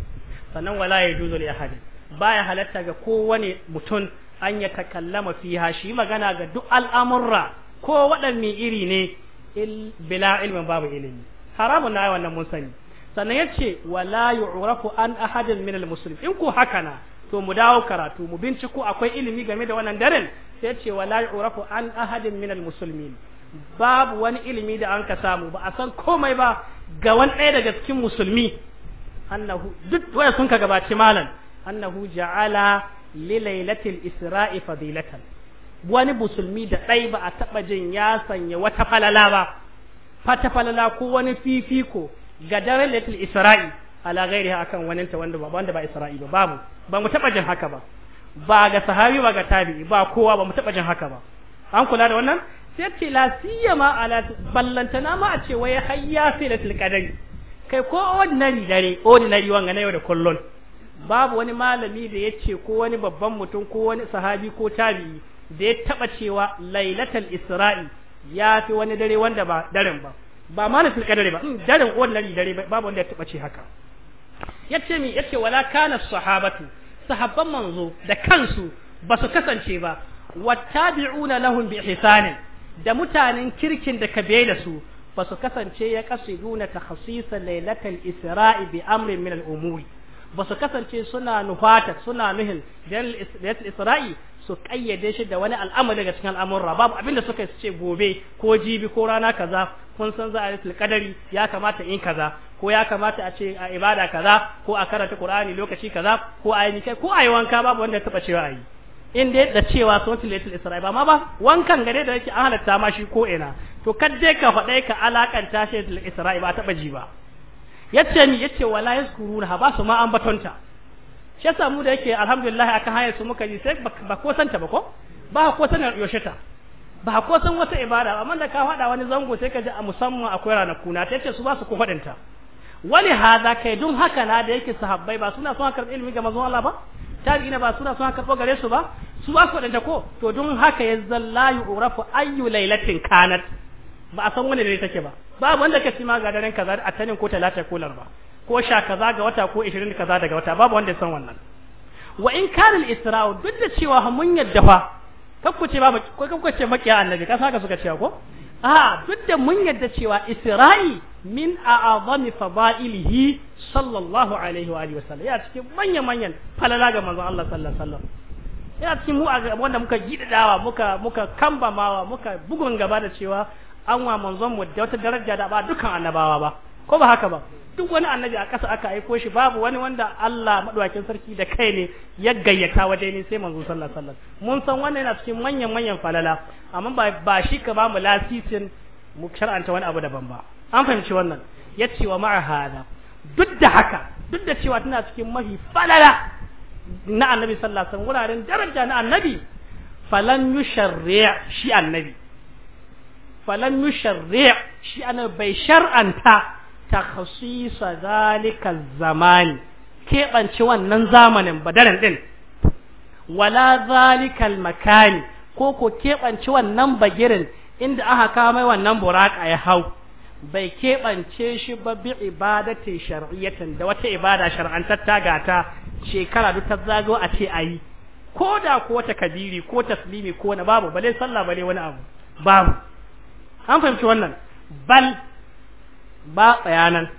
sannan wala ya li ahadin baya halatta ga kowane mutum an ya takallama fiha shi magana ga duk al'amurra ko waɗanne iri ne bila ilmin babu ilimi haramun na wannan mun sani sannan yace wala yu'rafu an ahadin min al in ko haka na to mu dawo karatu mu binciko akwai ilimi game da wannan daren sai ce wala yu'rafu an ahadin min al babu wani ilimi da an ka samu ba a san komai ba ga wani ɗaya daga cikin musulmi annahu duk waya sun ka gabaci malam annahu ja'ala li lailatil isra'i fadilatan wani musulmi da ɗai ba a taba jin ya sanya wata falala ba fata falala ko wani fifiko ga daren lailatul isra'i ala gairi akan waninta wanda ba wanda ba isra'i ba babu ba mu taba jin haka ba ba ga sahabi ba ga tabi'i ba kowa ba mu taba jin haka ba an kula da wannan sai ce la siyama ala ballantana ma a ce wai hayya fi lailatul qadari kai ko ordinary dare ordinary wanga na yau da kullun babu wani malami da ya ce ko wani babban mutum ko wani sahabi ko tabi'i da ya taba cewa lailatul isra'i ya fi wani dare wanda ba daren ba ba malatul hmm, dare ba daren wani dare babu wanda ya taba ce haka yace mi yace wala kana sahabatu sahabban manzo da kansu ba su kasance ba wattabi'una lahum bi ihsanin da mutanen kirkin da kabe da su ba su kasance ya kasiduna takhsisa lailatul isra'i bi amrin min al-umuri ba su kasance suna nufata suna nuhin dalil isra'i su kayyade shi da wani al'amari daga cikin al'amurra babu abinda suka yi su ce gobe ko jibi ko rana kaza kun san za a yi kadari ya kamata in kaza ko ya kamata a ce a ibada kaza ko a karanta qur'ani lokaci kaza ko a yi ko a wanka babu wanda ya taba cewa a yi in dai da cewa tilai tilai isra'i ba ma ba wankan gare da yake an halatta ma shi ko ina to kadde ka faɗai ka alakanta shi tilai isra'i ba a taba ji ba yace ni yace wala yazkuruna ba su ma an batonta shi yasa mu da yake alhamdulillah akan hayar su muka ji sai ba ko santa ba ko ba ko sanar yaushe sheta ba ko san wata ibada amma da ka fada wani zango sai ka ji a musamman akwai ranaku na ta yace su ba su ko faɗinta wani hada kai dun haka na da yake sahabbai ba suna son karɓi ilimi ga mazan Allah ba ina ba suna son karɓo gare su ba su ba su faɗinta ko to dun haka ya zalla yu'rafu ayyu lailatin kanat ba a san wani dare take ba babu wanda ke cima ga daren kaza a tanin ko talata ko larba ko sha kaza ga wata ko 20 kaza daga wata babu wanda ya san wannan wa in kana al-isra'u duk da cewa mun yadda fa kakkuce ba ko kakkuce makiya annabi ka saka suka cewa ko a duk da mun yadda cewa isra'i min a'azami fada'ilihi sallallahu alaihi wa alihi wasallam ya cikin manyan manyan falala ga manzon Allah sallallahu alaihi wasallam ya cikin mu a wanda muka gidadawa muka muka kambamawa muka bugun gaba da cewa an wa manzon mu da wata daraja da ba dukan annabawa ba ko ba haka ba duk wani annabi a ƙasa aka aiko shi babu wani wanda Allah maɗaukakin sarki da kai ne ya gayyata waje ne sai manzon sallallahu alaihi wasallam mun san wannan yana cikin manyan manyan falala amma ba ba shi ka ba mu lasisin mu shar'anta wani abu daban ba an fahimci wannan ya ce wa ma'a hada duk da haka duk da cewa tana cikin mafi falala na annabi sallallahu alaihi wasallam wuraren daraja na annabi falan yusharri' shi annabi falan yusharri shi ana bai shar'anta takhsisa zalika zamani keɓance wannan zamanin badaran din wala zalika makani ko ko keɓance wannan bagirin inda aka kama wannan buraka ya hau bai keɓance shi ba bi ibadati shar'iyyatan da wata ibada shar'antatta gata shekara duk ta zago a ce ayi ko da ko wata kabiri ko taslimi ko na babu bale sallah bale wani abu babu an fahimci wannan bal ba bayanan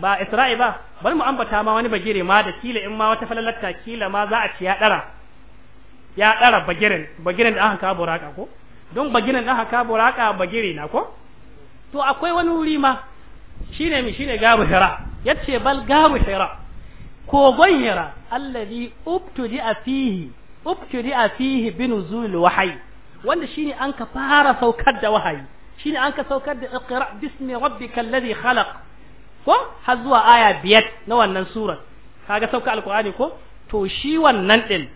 ba isra'i ba bari mu ambata ma wani bagire ma da kila in ma wata falalatta kila ma za a ci ya dara ya dara bagiren bagiren da aka kawo buraka ko don bagiren da aka kawo buraka bagire na ko to akwai wani wuri ma shine mi shine garu hira yace bal garu hira kogon hira allazi ubtudi fihi ubtudi fihi binuzul wahyi wanda shine an ka fara saukar da wahayi shine an ka saukar da iqra bismi rabbikal ladhi khalaq ko har zuwa aya biyar na wannan surar kaga sauka alqur'ani ko to shi wannan din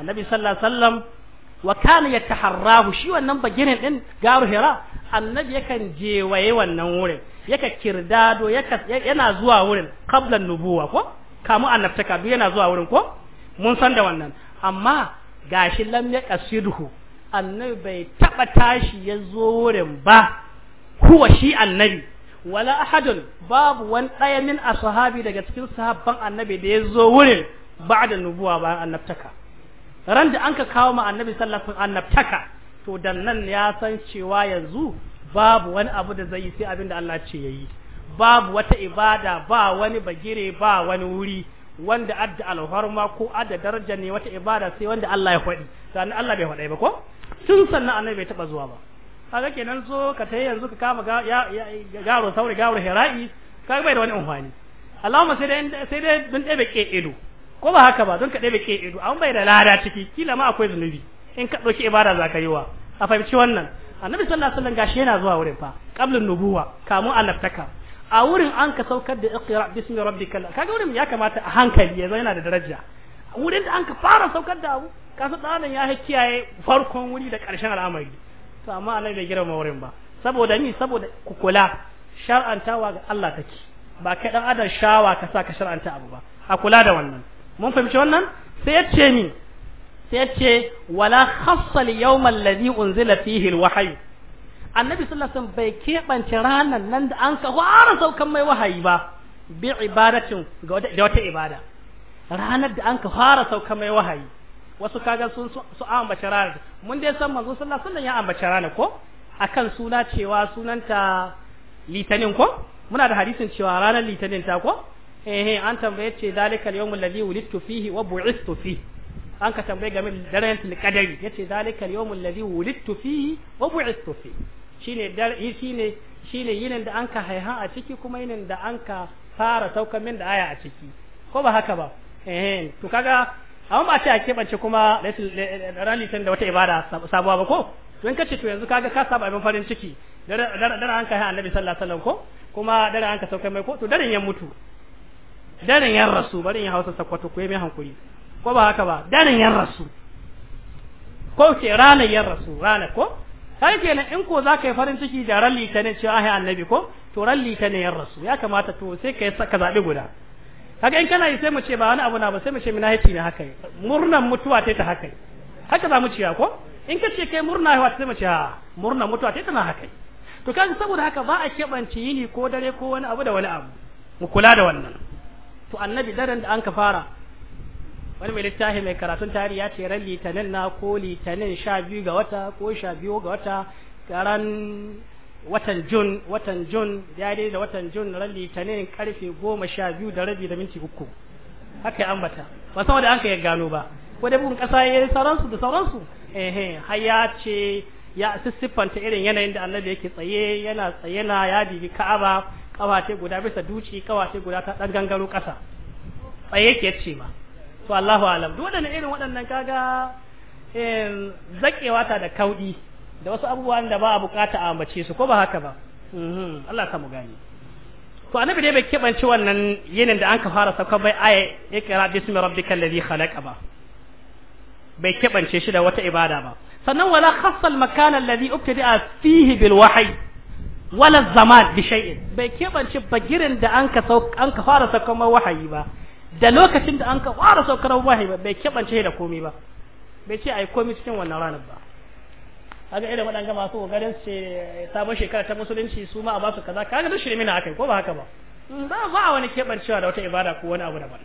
annabi sallallahu alaihi wasallam wa kana yataharrahu shi wannan baginin din garu hira annabi yakan jewaye wannan wurin yaka kirdado yaka yana zuwa wurin qabla nubuwa ko kamu annabtaka duk yana zuwa wurin ko mun san da wannan amma gashi lam yaqsiduhu annabi bai taɓa tashi ya zo wurin ba kuwa shi annabi wala ahadun babu wani ɗaya min sahabi daga cikin sahabban annabi da ya zo wurin da nubuwa bayan annabtaka ran da an ka kawo ma annabi sallafin annabtaka to dan nan ya san cewa yanzu babu wani abu da zai yi sai abin da Allah ce ya yi babu wata ibada ba wani bagire ba wani wuri wanda adda alhorma ko adda daraja ne wata ibada sai wanda Allah ya faɗi sannan Allah bai faɗi ba ko tun sannan annabi bai taba zuwa ba kaga kenan so ka tayi yanzu ka kama garo sauri garo hira'i ka bai da wani amfani Allahumma sai dai sai dai dun ɗebe ke ido ko ba haka ba don ka ɗebe ke ido an bai da lada ciki kila ma akwai zunubi in ka ɗauki ibada za ka yi wa a fahimci wannan annabi sallallahu alaihi wasallam gashi yana zuwa wurin fa qablun nubuwa kamun annabtaka a wurin an ka saukar da iqra bismi rabbikal kaga wurin ya kamata a hankali yanzu yana da daraja wurin da an ka fara saukar da abu kasu ɗanan ya kiyaye farkon wuri da ƙarshen al'amari to amma annabi bai girma wurin ba saboda ni saboda kukula shar'antawa ga Allah take ba kai dan adam shawa ka sa ka shar'anta abu ba a kula da wannan mun fahimci wannan sai yace ni sai yace wala khassa li yawm alladhi unzila fihi alwahyu annabi sallallahu alaihi wasallam bai kebance ranan nan da an ka fara saukan mai wahayi ba bi ibadatin ga wata ibada ranar da an ka fara sauka mai wahayi wasu kaga sun su ambace ranar mun dai san manzo sallallahu alaihi wasallam ya ambace ranar ko akan suna cewa sunanta litinin ko muna da hadisin cewa ranar litinin ta ko eh eh an tambaye ce zalika al-yawmul ladhi wulidtu fihi wa bu'ithtu fihi an ka tambaye game da daren al-qadari yace zalika al-yawmul ladhi wulidtu fihi wa bu'ithtu fihi shine dar shine shine yinin da an ka haiha a ciki kuma yinin da an ka fara saukan min da aya a ciki ko ba haka ba eh to kaga amma ba ce a keɓance kuma ran litan da wata ibada sabuwa ba ko to in kace to yanzu kaga ka saba abin farin ciki dare an kai annabi sallallahu alaihi wasallam ko kuma dare an ka sauka mai ko to daren ya mutu daren ya rasu barin ya hausa sakwato ko mai hankuri ko ba haka ba daren ya rasu ko ce ranar ya rasu ranar ko kai kenan in ko za ka yi farin ciki da ran litinin cewa ai annabi ko to ran litinin ya rasu ya kamata to sai ka yi ka zaɓi guda kaga in kana yi sai mu ce ba wani abu na ba sai mu ce mina yaci ne haka yi murnan mutuwa ta ta haka yi haka za mu ciya ko in ka ce kai murna ta sai mu ce a ah, murnan mutuwa ta tana haka yi to kaga saboda haka ba a keɓance yini ko dare ko wani abu da wani abu mu kula da wannan to annabi daren da an ka fara wani mai littafi mai karatun tarihi ya ce ran litinin na ko litinin sha biyu ga wata ko sha biyu ga wata karan watan jun watan jun daidai da watan jun ran litinin karfe goma sha biyu da rabi da minti uku haka ya ambata ba san wanda anka ya gano ba ko da bugun kasa ya sauransu da sauransu eh eh har ya ce ya siffanta irin yanayin da annabi yake tsaye yana tsaye na ya bibi ka'aba kawace guda bisa duci kawace guda ta dan gangaro kasa tsaye yake ce ma to Allahu alam duk wannan irin waɗannan kaga eh zakewa da kaudi da wasu abubuwan da ba a bukata a ambace su ko ba haka ba mhm. Allah ka mu gani to annabi dai bai kebance wannan yinin da an ka fara sauka bai aya ikra bismi rabbikal ladhi khalaqa ba bai kebance shi da wata ibada ba sannan wala khassa al makan alladhi ubtida fihi bil wahyi wala zaman bi shay'in bai kebance bagirin da an ka an ka fara sauka mai wahayi ba da lokacin da an ka fara saukar wahayi ba bai kebance da komai ba bai ce ai komai cikin wannan ranar ba kaga irin waɗanga masu kokarin sabon shekara ta musulunci su ma a basu kaza kaga da shirme na akai ko ba haka ba mm, ba ba a wani keɓancewa da wata ibada ko wani abu daban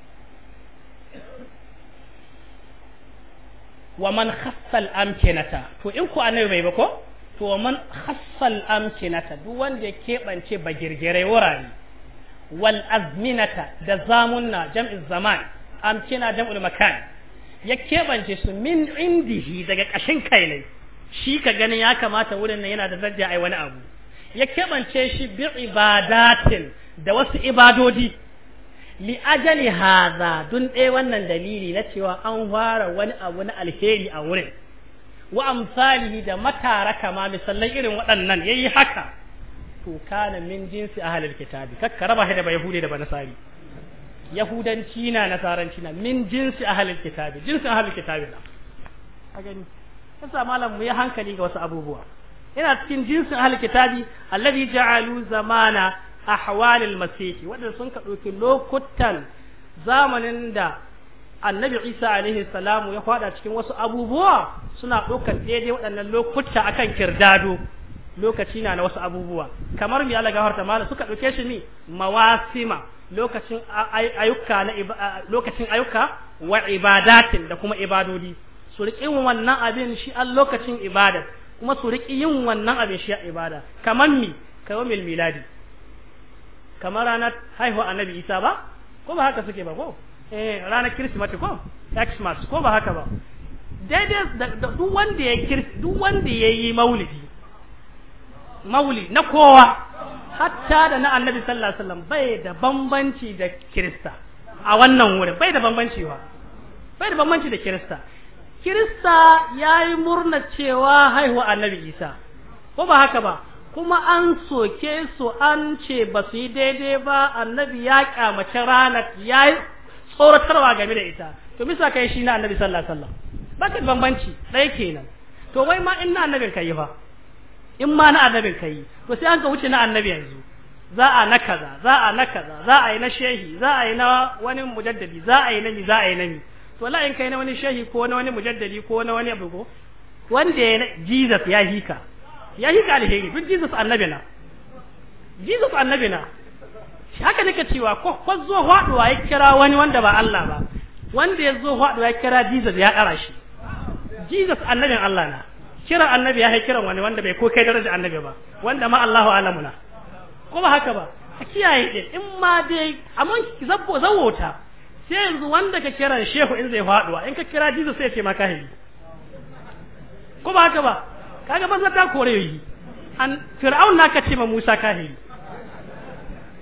wa man khassal amkinata to in ku annabi bai ba ko to wa man khassal amkinata duk wanda ya keɓance ba girgirai wurare wal azminata da zamunna jam'in zaman amkina jam'ul makan ya keɓance su min indihi daga ƙashin kai ne shi ka gani ya kamata wurin nan yana da daraja ai wani abu ya keɓance shi bi ibadatin da wasu ibadodi li ajali haza dun ɗaya wannan dalili na cewa an fara wani abu na alheri a wurin wa amsalihi da matara kama misalan irin waɗannan yayi haka to kana min jinsi ahlul kitabi kakka raba shi da ba da ba yahudanci na nasaranci na min jinsi ahlul kitabi jinsi ahlul kitabi na a gani yasa malam mu yi hankali ga wasu abubuwa yana cikin jinsin ahli kitabi alladhi ja'alu zamana ahwalil masih wanda sun ka dauki lokutan zamanin da annabi Isa alaihi salamu ya fada cikin wasu abubuwa suna ɗaukar daidai waɗannan lokuta akan kirdado lokaci na na wasu abubuwa kamar mi Allah gafarta mala suka ɗauke shi ni mawasima lokacin ayyuka na lokacin ayyuka wa ibadatin da kuma ibadodi su riƙi yin wannan abin shi a lokacin ibada kuma su riƙi yin wannan abin shi a ibada kamar mi kai mil miladi kamar ranar haihuwa annabi isa ba ko ba haka suke ba ko eh ranar kirsimati ko xmas ko ba haka ba daidai da duk wanda ya kirsi duk wanda ya yi maulidi mauli na kowa hatta da na annabi sallallahu alaihi wasallam bai da bambanci da kirista a wannan wurin bai da bambanci ba bai da bambanci da kirista Kirista ya yi murna cewa haihuwa annabi Isa, ko ba haka ba, kuma an soke su an ce ba su yi daidai ba annabi ya kyamace ranar ya yi tsoratarwa game da ita, to misa kai shi na annabi Sallah Sallah baka bambanci ɗaya kenan, to wai ma in na annabin ka yi ba, in ma na annabin ka yi, to sai an ka wuce na annabi yanzu. za a na kaza za a na kaza za a yi na shehi za a yi na wani mujaddadi za a yi na ni za a yi na ni to la in kai na wani shehi ko na wani mujaddadi ko na wani abu ko wanda ya Jesus ya hika ya hika alheri duk Jesus annabi na Jesus annabi na haka nake cewa ko ko zo haduwa ya kira wani wanda ba Allah ba wanda ya zo haduwa ya kira Jesus ya kara shi Jesus annabin Allah na kiran annabi ya kira kiran wani wanda bai ko kai daraja annabi ba wanda ma Allahu alamuna ko ba haka ba a kiyaye din in ma dai amma zabbo zawota sai yanzu wanda ka kiran shehu in zai faduwa in ka kira jizu sai ce maka hin ko ba haka ba kaga banza ta kore yi an fir'aun na ka ce ma Musa kahiri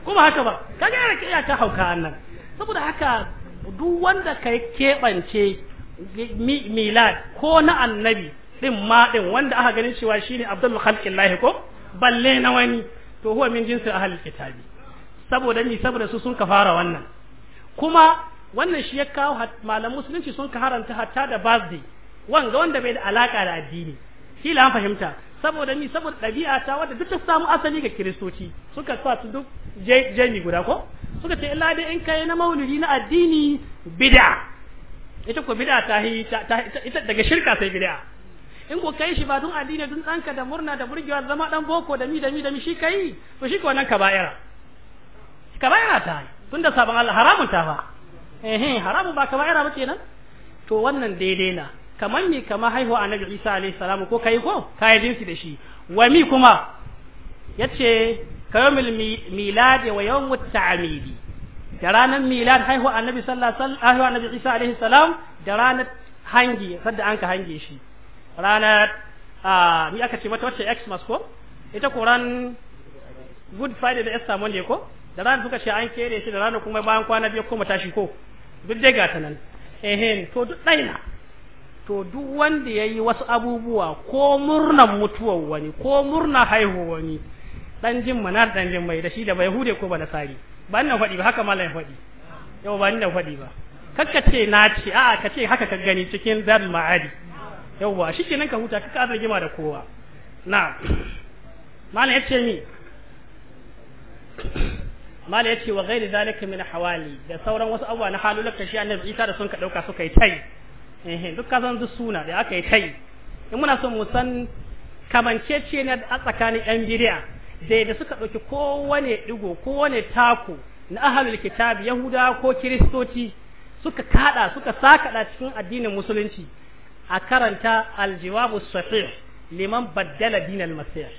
ko ba haka ba kaga yana kiyaye ta hauka annan saboda haka duk wanda ka keɓance milad ko na annabi din ma din wanda aka ganin cewa shine abdul khalqillah ko balle na wani to huwa min jinsi ahlul kitabi saboda ni saboda su sun ka fara wannan kuma wannan shi ya kawo malam musulunci sun ka haranta hatta da birthday wanga wanda bai da alaka da addini kila an fahimta saboda ni saboda dabi'a ta wanda duk ta samu asali ga kiristoci suka sa su duk jami guda ko suka ce illa dai in kai na maulidi na addini bid'a ita ko bid'a ta hi ita daga shirka sai bid'a in ko kai shi ba don addini don danka da murna da burgewa zama dan boko da mi da mi da mi shi kai to shi ko nan kaba'ira kaba'ira ta tunda sabon Allah haramun ta fa eh haramu ba kaba'ira ba kenan to wannan daidai na kamar ne kama haihuwa annabi Isa alaihi salamu ko kai ko kai jinsi da shi wa mi kuma yace kayumil milad wa yawmut ta'amidi da ranar milad haihuwa annabi sallallahu alaihi annabi Isa alaihi salam da ranar hangi sadda an ka hange shi ranar a mi aka ce mata wacce Xmas ko ita ko ran Good Friday da Easter Monday ko da rana suka ce an kere shi da rana kuma bayan kwana biyu kuma tashi ko duk dai gata nan eh to duk ɗaina to duk wanda ya yi wasu abubuwa ko murnan mutuwar wani ko murna haihu wani dan jin mana dan jin mai da shi da bai hude ko ba da sari ba nan faɗi ba haka mallan faɗi yau ba ni nan faɗi ba kakka ce na ce a'a ka ce haka ka gani cikin zan ma'adi yau ba shi kenan ka huta ka ka gima da kowa na malam yace ni mala yace wa gairi zalika min hawali da sauran wasu abuwa na halulaka shi annabi Isa da sun ka dauka suka yi tai eh duk ka duk suna da aka yi tai in muna son mu san kamancece ne a tsakanin yan bidiya da da suka dauki kowane digo kowane tako na ahlul kitab yahuda ko kiristoci suka kada suka sakada cikin addinin musulunci a karanta aljawabu sahih liman baddala dinal masih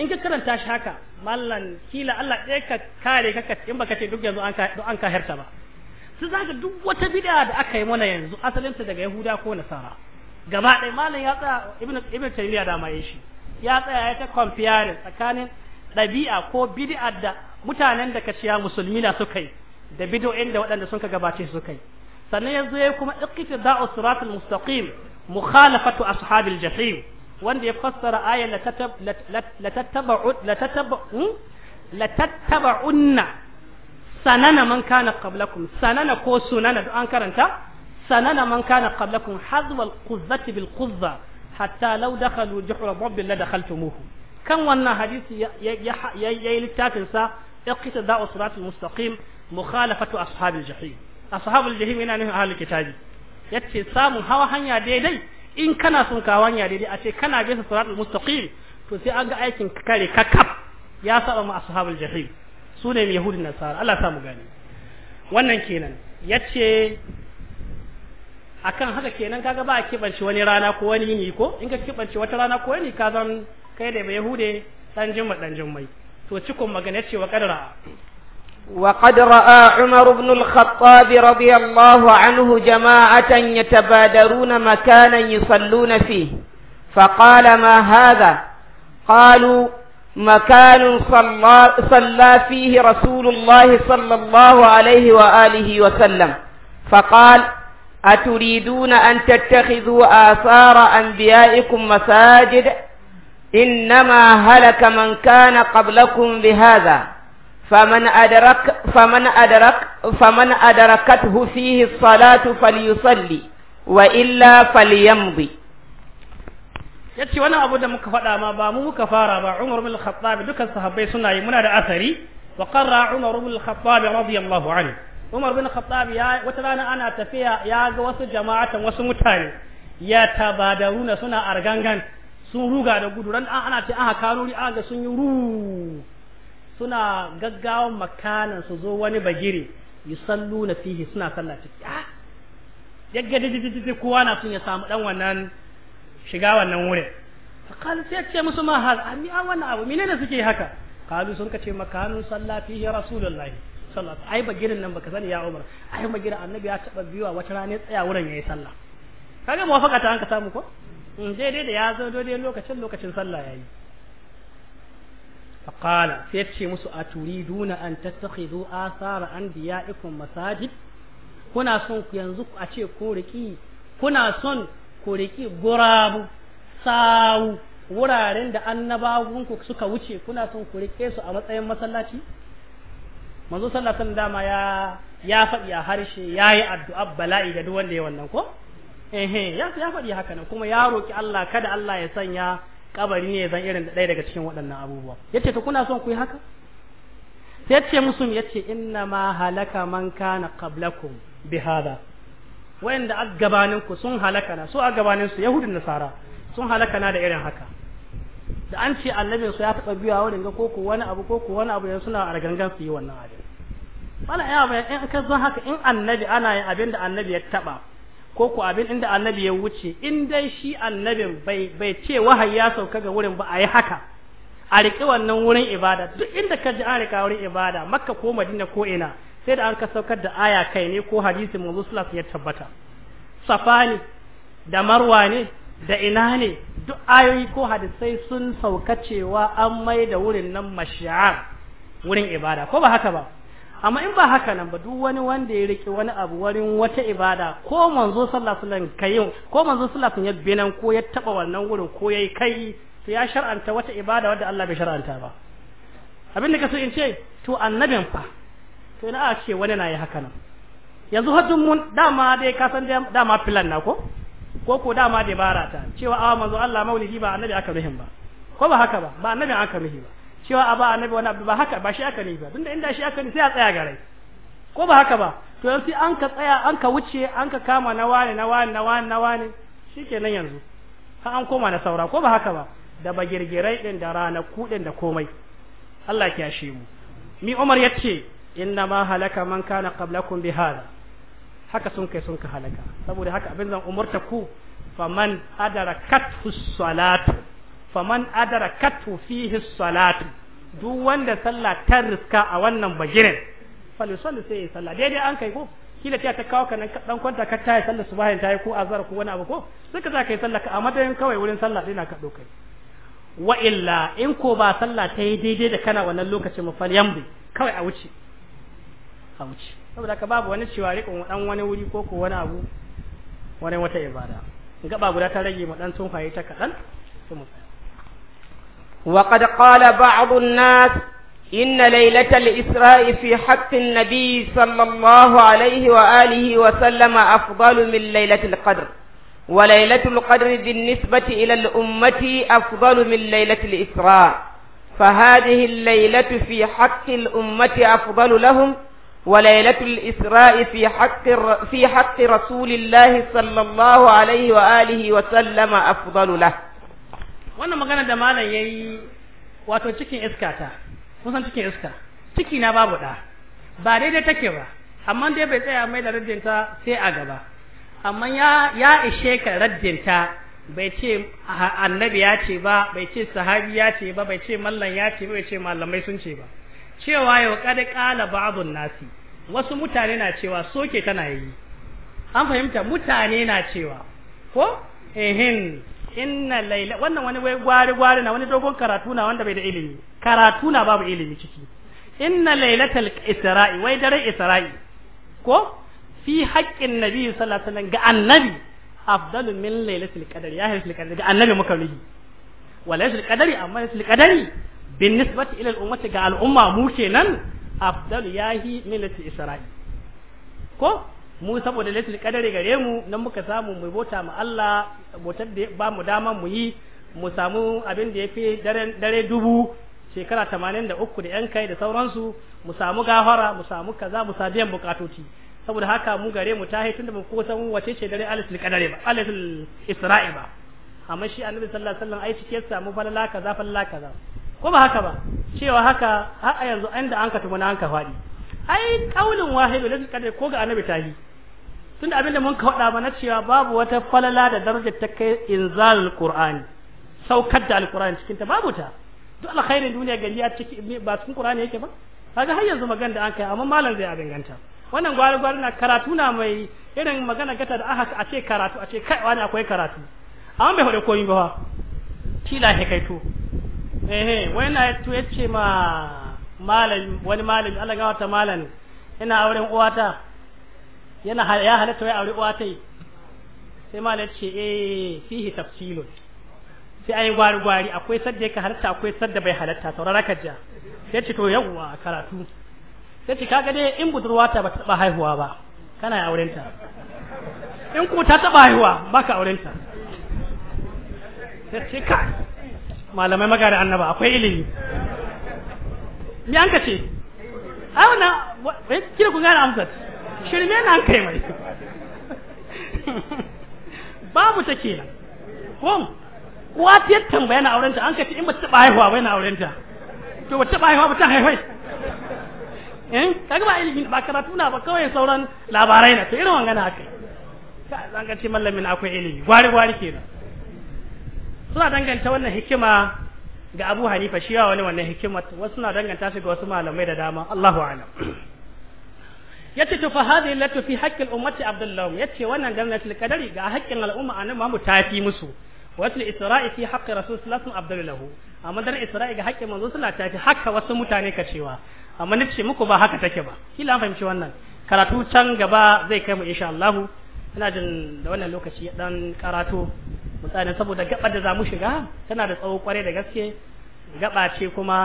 in ka karanta shi haka mallan kila Allah ɗaya ka kare ka in baka ce duk yanzu an an ka harta ba su zaka duk wata bid'a da aka yi mana yanzu asalin ta daga yahuda ko nasara gaba ɗaya mallan ya tsaya Ibn ibnu taymiya da ma shi ya tsaya ya ta comparing tsakanin ɗabi'a ko bid'a da mutanen da kaciya musulmi na suka yi da bid'o'in da waɗanda sun ka gabace su suka yi sannan yanzu ya kuma iqtida'u siratul mustaqim mukhalafatu ashabil jahim wanda ya fassara ayar latattaba'unna sanana man kana qablakum sanana ko sunana duk an karanta sanana man kana qablakum hazwa al-quzzati bil quzza hatta law dakhalu juhra rabbin la dakhaltumuhu kan wannan hadisi ya yi littafin sa iqtida'u siratal mustaqim mukhalafatu ashabil jahim ashabul jahim yana nufin ahlul kitabi yace samun hawa hanya daidai in kana son ka wanya daidai a ce kana bisa siratul mustaqim to sai an ga aikin kare kakaf ya saba ma ashabul jahil su ne yahudin nasara Allah sa mu gane wannan kenan yace akan haka kenan kaga ba a kibance wani rana ko wani ni ko in ka kibance wata rana ko wani ka zan kai da yahude dan jimma dan jimmai to cikon magana yace wa qadara وقد رأى عمر بن الخطاب رضي الله عنه جماعة يتبادرون مكانا يصلون فيه فقال ما هذا قالوا مكان صلى, صلى فيه رسول الله صلى الله عليه وآله وسلم فقال أتريدون أن تتخذوا آثار أنبيائكم مساجد إنما هلك من كان قبلكم بهذا فمن أدرك فمن أدرك فمن أدركته فيه الصلاة فليصلي وإلا فليمضي yace wani abu da muka faɗa ma ba mu muka fara ba Umar bin Khattab dukkan sahabbai suna yi muna da asari wa qarra Umar bin Khattab radiyallahu anhu Umar bin Khattab ya wata rana ana tafiya ya ga wasu jama'atan wasu mutane ya tabadaruna suna argangan sun ruga da gudu ran ana ce aka kanuri aka sun yi ruu suna gaggawan makanan su zo wani bagire na fihi suna sallah ciki a ah! yagga didididi kowa na sun ya samu dan wannan shiga wannan wurin kalu sai ce musu ma hal ami ah, an ah, wannan abu menene suke haka kalu sun kace makanun sallah fihi rasulullahi sallallahu ai bagirin nan baka sani ya umar ai bagirin annabi ya taba biwa wata rana tsaya wurin yayi sallah kaga wafaka ta an ka samu ko in mm, daidai da ya zo daidai lokacin lokacin sallah yayi فقال سيتشي مسو أتريدون أن an biya ikon مساجد kuna son yanzu a ce ko kuna son ku gurabu sawu wuraren da annabawunku suka wuce kuna son ku su a matsayin masallaci manzo sallallahu dama ya ya faɗi a harshe ya yi addu'a bala'i ga duk wanda ya wannan ko ya faɗi haka nan kuma ya roƙi Allah kada Allah ya sanya kabari ne zan irin ɗaya daga cikin waɗannan abubuwa yace to kuna son ku yi haka yace musu yace inna ma halaka man kana qablakum bi hada wayanda a ku sun halaka na su a su yahudin nasara sun halaka na da irin haka da an ce annabin su ya taɓa biya wurin ga koko wani abu koko wani abu yanzu suna argangan su yi wannan abin wala ya ba in ka zan haka in annabi ana yin abin da annabi ya taɓa ko ku abin inda annabi ya wuce in dai shi annabin bai bai ce wahayi ya sauka ga wurin ba a yi haka a riƙe wannan wurin ibada duk inda ka ji an riƙa wurin ibada makka ko madina ko ina sai da an ka saukar da aya kai ne ko hadisi manzo sallallahu ya tabbata safa ne da marwa ne da ina ne duk ayoyi ko hadisai sun sauka cewa an mai da wurin nan mashi'ar wurin ibada ko ba haka ba amma in ba haka nan ba duk wani wanda ya rike wani abu warin wata ibada ko manzo sallallahu alaihi wasallam kayin ko manzo sallallahu alaihi wasallam ya ko ya taba wannan wurin ko yayi kai to ya shar'anta wata ibada wadda Allah bai shar'anta ba abin da kaso in ce to annabin fa to ina a ce wani na yi haka nan yanzu hadin mun dama dai ka san dama filan na ko ko ko dama dai barata cewa a ah, manzo Allah maulidi ba annabi aka rihin ba ko ba haka ba ba annabi aka nuhi ba cewa a ba annabi wani abu ba haka ba shi aka ne ba tunda inda shi aka ne sai a tsaya garai ko ba haka ba to yanzu an ka tsaya an ka wuce an ka kama na wani na wani na wani na wani shikenan yanzu har an koma na saura ko ba haka ba da ba girgirai din da rana kudin da komai Allah ya shi mu mi Umar yace inna ma halaka man kana qablakum bi hada haka sun kai sun ka halaka saboda haka abin zan umurta ku faman katu salatu faman adrakatu fihi salatu duk wanda sallah ta riska a wannan bagiren falisalli sai ya sallah daidai an kai ko kila ta kawo ka nan dan kwanta ka tayi sallar ta yi ko azhar ko wani abu ko suka za ka yi sallah ka a madadin kawai wurin sallah dai na ka doka wa illa in ko ba sallah ta yi daidai da kana wannan lokacin mu falyambi kawai a wuce a wuce saboda ka babu wani cewa rikon dan wani wuri ko ko wani abu wani wata ibada gaba guda ta rage mu dan tsofaye ta kadan to mu tsaya وقد قال بعض الناس إن ليلة الإسراء في حق النبي صلى الله عليه وآله وسلم أفضل من ليلة القدر وليلة القدر بالنسبة إلى الأمة أفضل من ليلة الإسراء فهذه الليلة في حق الأمة أفضل لهم وليلة الإسراء في حق في حق رسول الله صلى الله عليه وآله وسلم أفضل له wannan magana da malam yayi wato cikin iska ta kusan cikin iska ciki na babu da ba daidai take ba amma dai bai tsaya mai da raddinta sai a gaba amma ya ya ishe ka raddinta bai ce annabi ya ce ba bai ce sahabi ya ce ba bai ce mallan ya ce ba bai ce malamai sun ce ba cewa yau kada kala ba'dun nasi wasu mutane na cewa soke tana yi an fahimta mutane na cewa ko ehin inna laila wannan wani wai gwari gwari na wani dogon karatu na wanda bai da ilimi karatu na babu ilimi ciki inna lailatul isra'i wai dare isra'i ko fi haƙƙin nabi sallallahu alaihi wasallam ga annabi afdalu min lailatul qadari ya lailatul qadari ga annabi muka rihi wa lailatul qadari amma lailatul qadari bin nisbati ila al-ummati ga al-umma mu kenan afdalu yahi min lailatul isra'i ko mu saboda laifin kadare gare mu nan muka samu mu bota mu Allah botar da ba mu dama mu yi mu samu abin da yafi dare dare dubu shekara 83 da yan kai da sauransu mu samu gafara mu samu kaza mu sabiya bukatoci saboda haka mu gare mu ta tunda ba ko san wace ce dare alisul kadari ba alisul isra'i ba amma shi annabi sallallahu alaihi wasallam ai cike samu falala kaza falala kaza ko ba haka ba cewa haka har a yanzu inda an ka tuma an ka fadi ai kaulin wahidu lati kadai ko ga annabi tahi tunda abin da mun ka faɗa ba na cewa babu wata falala da darajar ta kai inzal qur'ani saukar da alqur'ani cikin ta babu ta duk alkhairin duniya gari ya ciki ba cikin qur'ani yake ba kaga har yanzu magana da an kai amma malam zai ganta wannan gwari gwari na karatu na mai irin magana gata da aka a ce karatu a ce kai wani akwai karatu amma bai hore koyi ba shi la he kai to eh eh wai na to yace ma malam wani malami Allah ga wata malam ina auren uwata yana ya halatta wai aure uwa tai sai malam ce eh fihi tafsilun sai ayi gwari gwari akwai sadda yake halatta akwai sadda bai halatta saurara ka ja sai ci to yawa karatu sai ci kaga dai in budurwa ta ba ta taba haihuwa ba kana auren ta in ku ta taba haihuwa baka auren ta sai ci ka malamai magana annaba akwai ilimi me an ka ce a wannan eh, kira kun gane amsar shirme na kai mai babu ta kenan hon uwa ta tambaya na aurenta an kace in ba ta taba haihuwa ba na aurenta to ba ta taba haihuwa ba ta haihuwa eh kaga ba ilimin ba karatu na ba kawai sauran labarai na to irin wangana haka ka zan ga mallamin akwai ilimi gwari gwari kenan suna danganta wannan hikima ga Abu Hanifa shi ya wani wannan hikimar wasu na danganta shi ga wasu malamai da dama Allahu a'lam yace to fa hadhihi latu fi haqqi al-ummati abdullah yace wannan gannatul qadari ga haƙƙin al'umma annabi Muhammad ta fi musu wasu isra'i fi haƙƙi rasul sallallahu abdullahu amma dan isra'i ga haƙƙin manzo sallallahu ta fi haka wasu mutane ka cewa amma ni ce muku ba haka take ba kila an fahimci wannan karatu can gaba zai kai mu insha Allah ina jin da wannan lokaci dan karatu mutane saboda gabar da zamu shiga tana da tsawo kware da gaske gaba ce kuma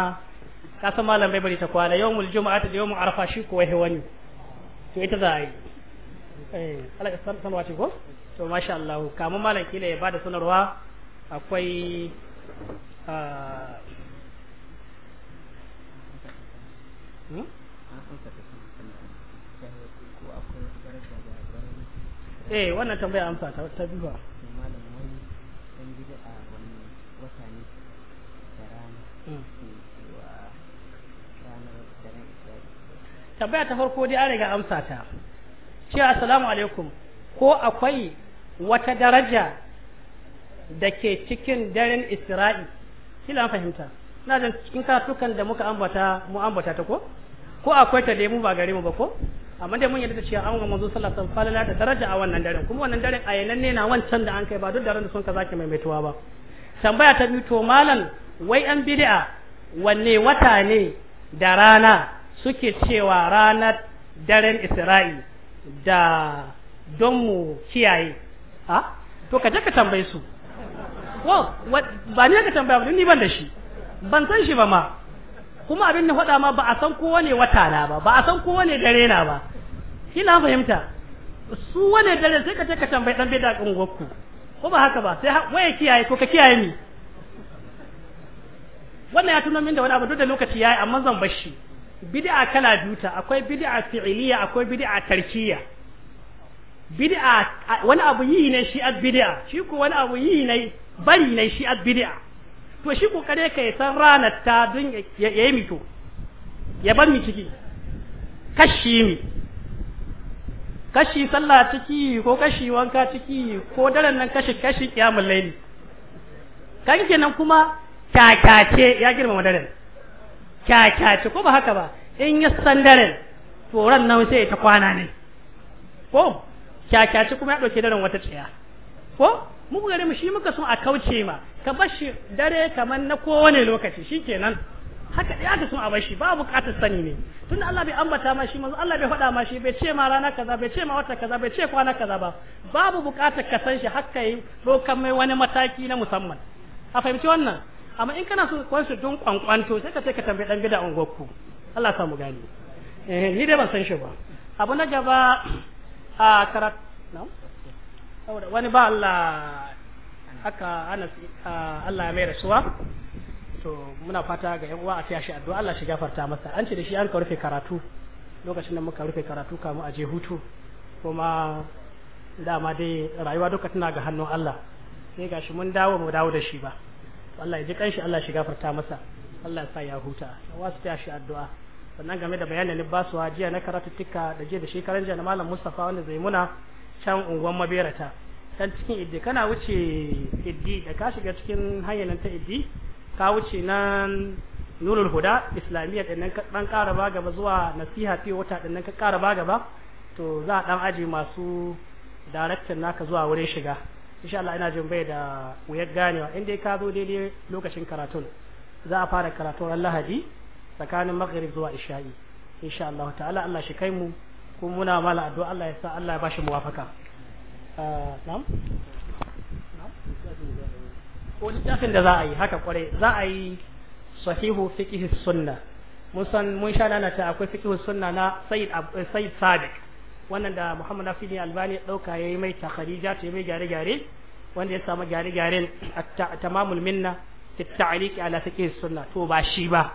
kasan malam bai bari ta kwana yawmul jumu'ati da yawmul arfa shi ko wani to ita za a yi eh alaka sanarwa ce ko to masha Allah kamun malam kila ya bada sanarwa akwai a ah, hmm? eh wannan tambaya amsa ta ta biyu malam wani dan gida a wani wata ne da rana tambaya ta farko dai an riga amsa ta ce assalamu alaikum ko akwai wata daraja da ke cikin daren isra'i kila an fahimta na da cikin karatukan da muka ambata mu ambata ta ko ko akwai ta mu ba gare mu ba ko amma dai mun yarda da cewa an ga manzo sallallahu alaihi wasallam da daraja a wannan daren kuma wannan daren ayanan ne na wancan da an kai ba duk daren da sun ka zaki maimaituwa ba tambaya ta biyu to malam wai an bid'a wanne wata ne da rana suke cewa ranar daren isra'i da don mu kiyaye ha to ka je ka tambaye su wow ba ni ka tambaya ba ni ban da shi ban san shi ba ma kuma abin da faɗa ma ba a san wane wata na ba ba a san wane dare na ba kina fahimta su wane dare sai ka je ka tambayi dan bid'a kan gwakku ko ba haka ba sai waye kiyaye ko ka kiyaye ni wannan ya tuno min da wani abu duk da lokaci yayi amma zan bar shi bid'a kala duta akwai bid'a fi'liya akwai bid'a tarkiya bid'a wani abu yi ne shi ad bid'a shi ko wani abu yi ne bari ne shi ad bid'a to shi ko kare kai san ranar ta dun yayi to ya bar mi ciki kashi mi kashi sallah ciki ko kashi wanka ciki ko daren nan kashi kashi kiyamul laili kan kenan kuma kakace ya girma daren kyakyaci ko ba haka ba in ya sandarin tsoron nan sai ta kwana ne ko kyakyaci kuma ya ɗauke daren wata tsaya ko mu gari mu shi muka so a kauce ma ka shi dare kamar na kowane lokaci shi nan haka dai ka so a bashi ba bukatar sani ne tunda Allah bai ambata ma shi manzo Allah bai faɗa ma shi bai ce ma rana kaza bai ce ma wata kaza bai ce kwana kaza ba babu bukatar ka san shi haka yi dokan mai wani mataki na musamman a fahimci wannan amma in kana so kwan su dun kwankwanto sai ka sai ka tambayi dan bid'a ungwakku Allah ya mu gani eh ni dai ban san shi ba abu na gaba a karat na'am saboda wani ba Allah haka ana Allah ya mai rasuwa to muna fata ga yan uwa a taya shi addu'a Allah shi gafarta masa an ce da shi an ka rufe karatu lokacin da muka rufe karatu kamu a je hutu kuma dama dai rayuwa duka tana ga hannun Allah sai gashi mun dawo mu dawo da shi ba Allah ya ji kanshi Allah shi gafarta masa Allah ya sa ya huta wasu ta shi addu'a sannan game da bayanin basuwa jiya na karatuttuka da jiya da shekaran jiya na malam Mustafa wanda zai muna can unguwar maberata can cikin iddi kana wuce iddi da ka shiga cikin hanyar ta iddi ka wuce nan nurul huda islamiyya din nan ka dan ƙara ba gaba zuwa nasiha fi wata din ka ƙara ba gaba to za a dan aje masu daraktan naka zuwa wurin shiga insha Allah ina jin bai da wuyar ganewa in dai ka zo daidai lokacin karatun za a fara karatun ran Lahadi tsakanin maghrib zuwa isha'i insha Allah ta'ala Allah shi kai mu kuma muna mala addu'a Allah ya sa Allah ya bashi muwafaka ah, na'am ko littafin da za a yi haka kwarai za a yi sahihu fiqh sunna mun san mun sha nana ta akwai fiqh sunna na sayyid eh, sayyid sadiq wannan da Muhammad Afidi Albani dauka yayi mai takharija ta mai gyare gyare wanda ya samu gyare gyaren tamamul minna fi ta'liq ala fiqh sunna to ba shi ba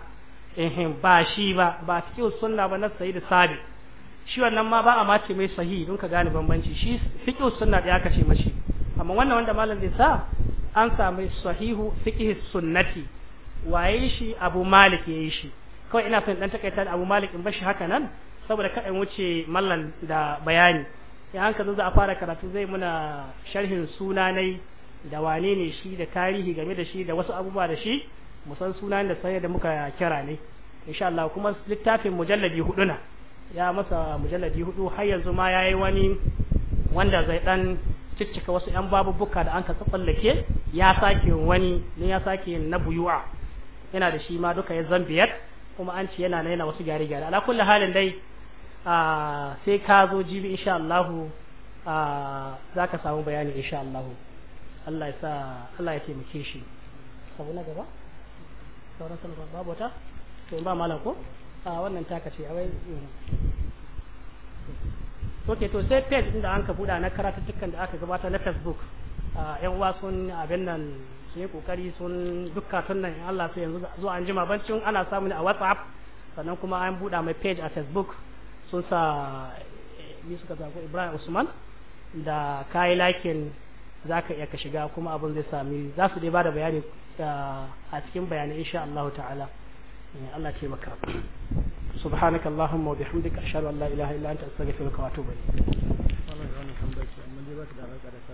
eh ba shi ba ba fiqh sunna ba na sayyid sabi shi wannan ma ba a mace mai sahihi don ka gane bambanci shi fiqh sunna da aka ce mashi amma wannan wanda malam zai sa an samu sahihu fiqh sunnati waye shi Abu Malik yayi shi kawai ina son dan takaita Abu Malik in bashi haka nan saboda kaɗan wuce mallan da bayani in an zo za a fara karatu zai muna sharhin sunanai da wane ne shi da tarihi game da shi da wasu abubuwa da shi mu san sunan da sai da muka kira ne insha Allah kuma littafin mujalladi hudu na ya masa mujalladi hudu har yanzu ma yayi wani wanda zai dan ciccika wasu yan babubuka da an ka tsallake ya sake wani ne ya sake na buyuwa yana da shi ma duka ya zambiyar kuma an ce yana na yana wasu gyare-gyare ala kulli halin dai Ah, sai ka zo jibi insha Allahu ah, za ka samu bayani insha Allahu Allah ya sa Allah ya taimake shi sabu na gaba sauran salwa babu wata to ba malam ko a ah, wannan taka ce a wai mm. ok to sai page inda da an ka buɗa na karatuttukan da aka gabata na facebook yan uwa sun abin nan sun yi kokari sun dukka tun nan Allah sai yanzu zuwa an jima bancin ana samu ne a whatsapp sannan kuma an buɗa mai page a facebook sun sa eh, ni suka zaku Ibrahim Usman da kayi lakin za ka iya ka shiga kuma abin zai sami za su dai ba da bayani eh, a cikin bayanai insha Allah ta'ala eh, Allah taimaka سبحانك اللهم وبحمدك أشهد أن لا إله إلا أنت أستغفرك وأتوب إليك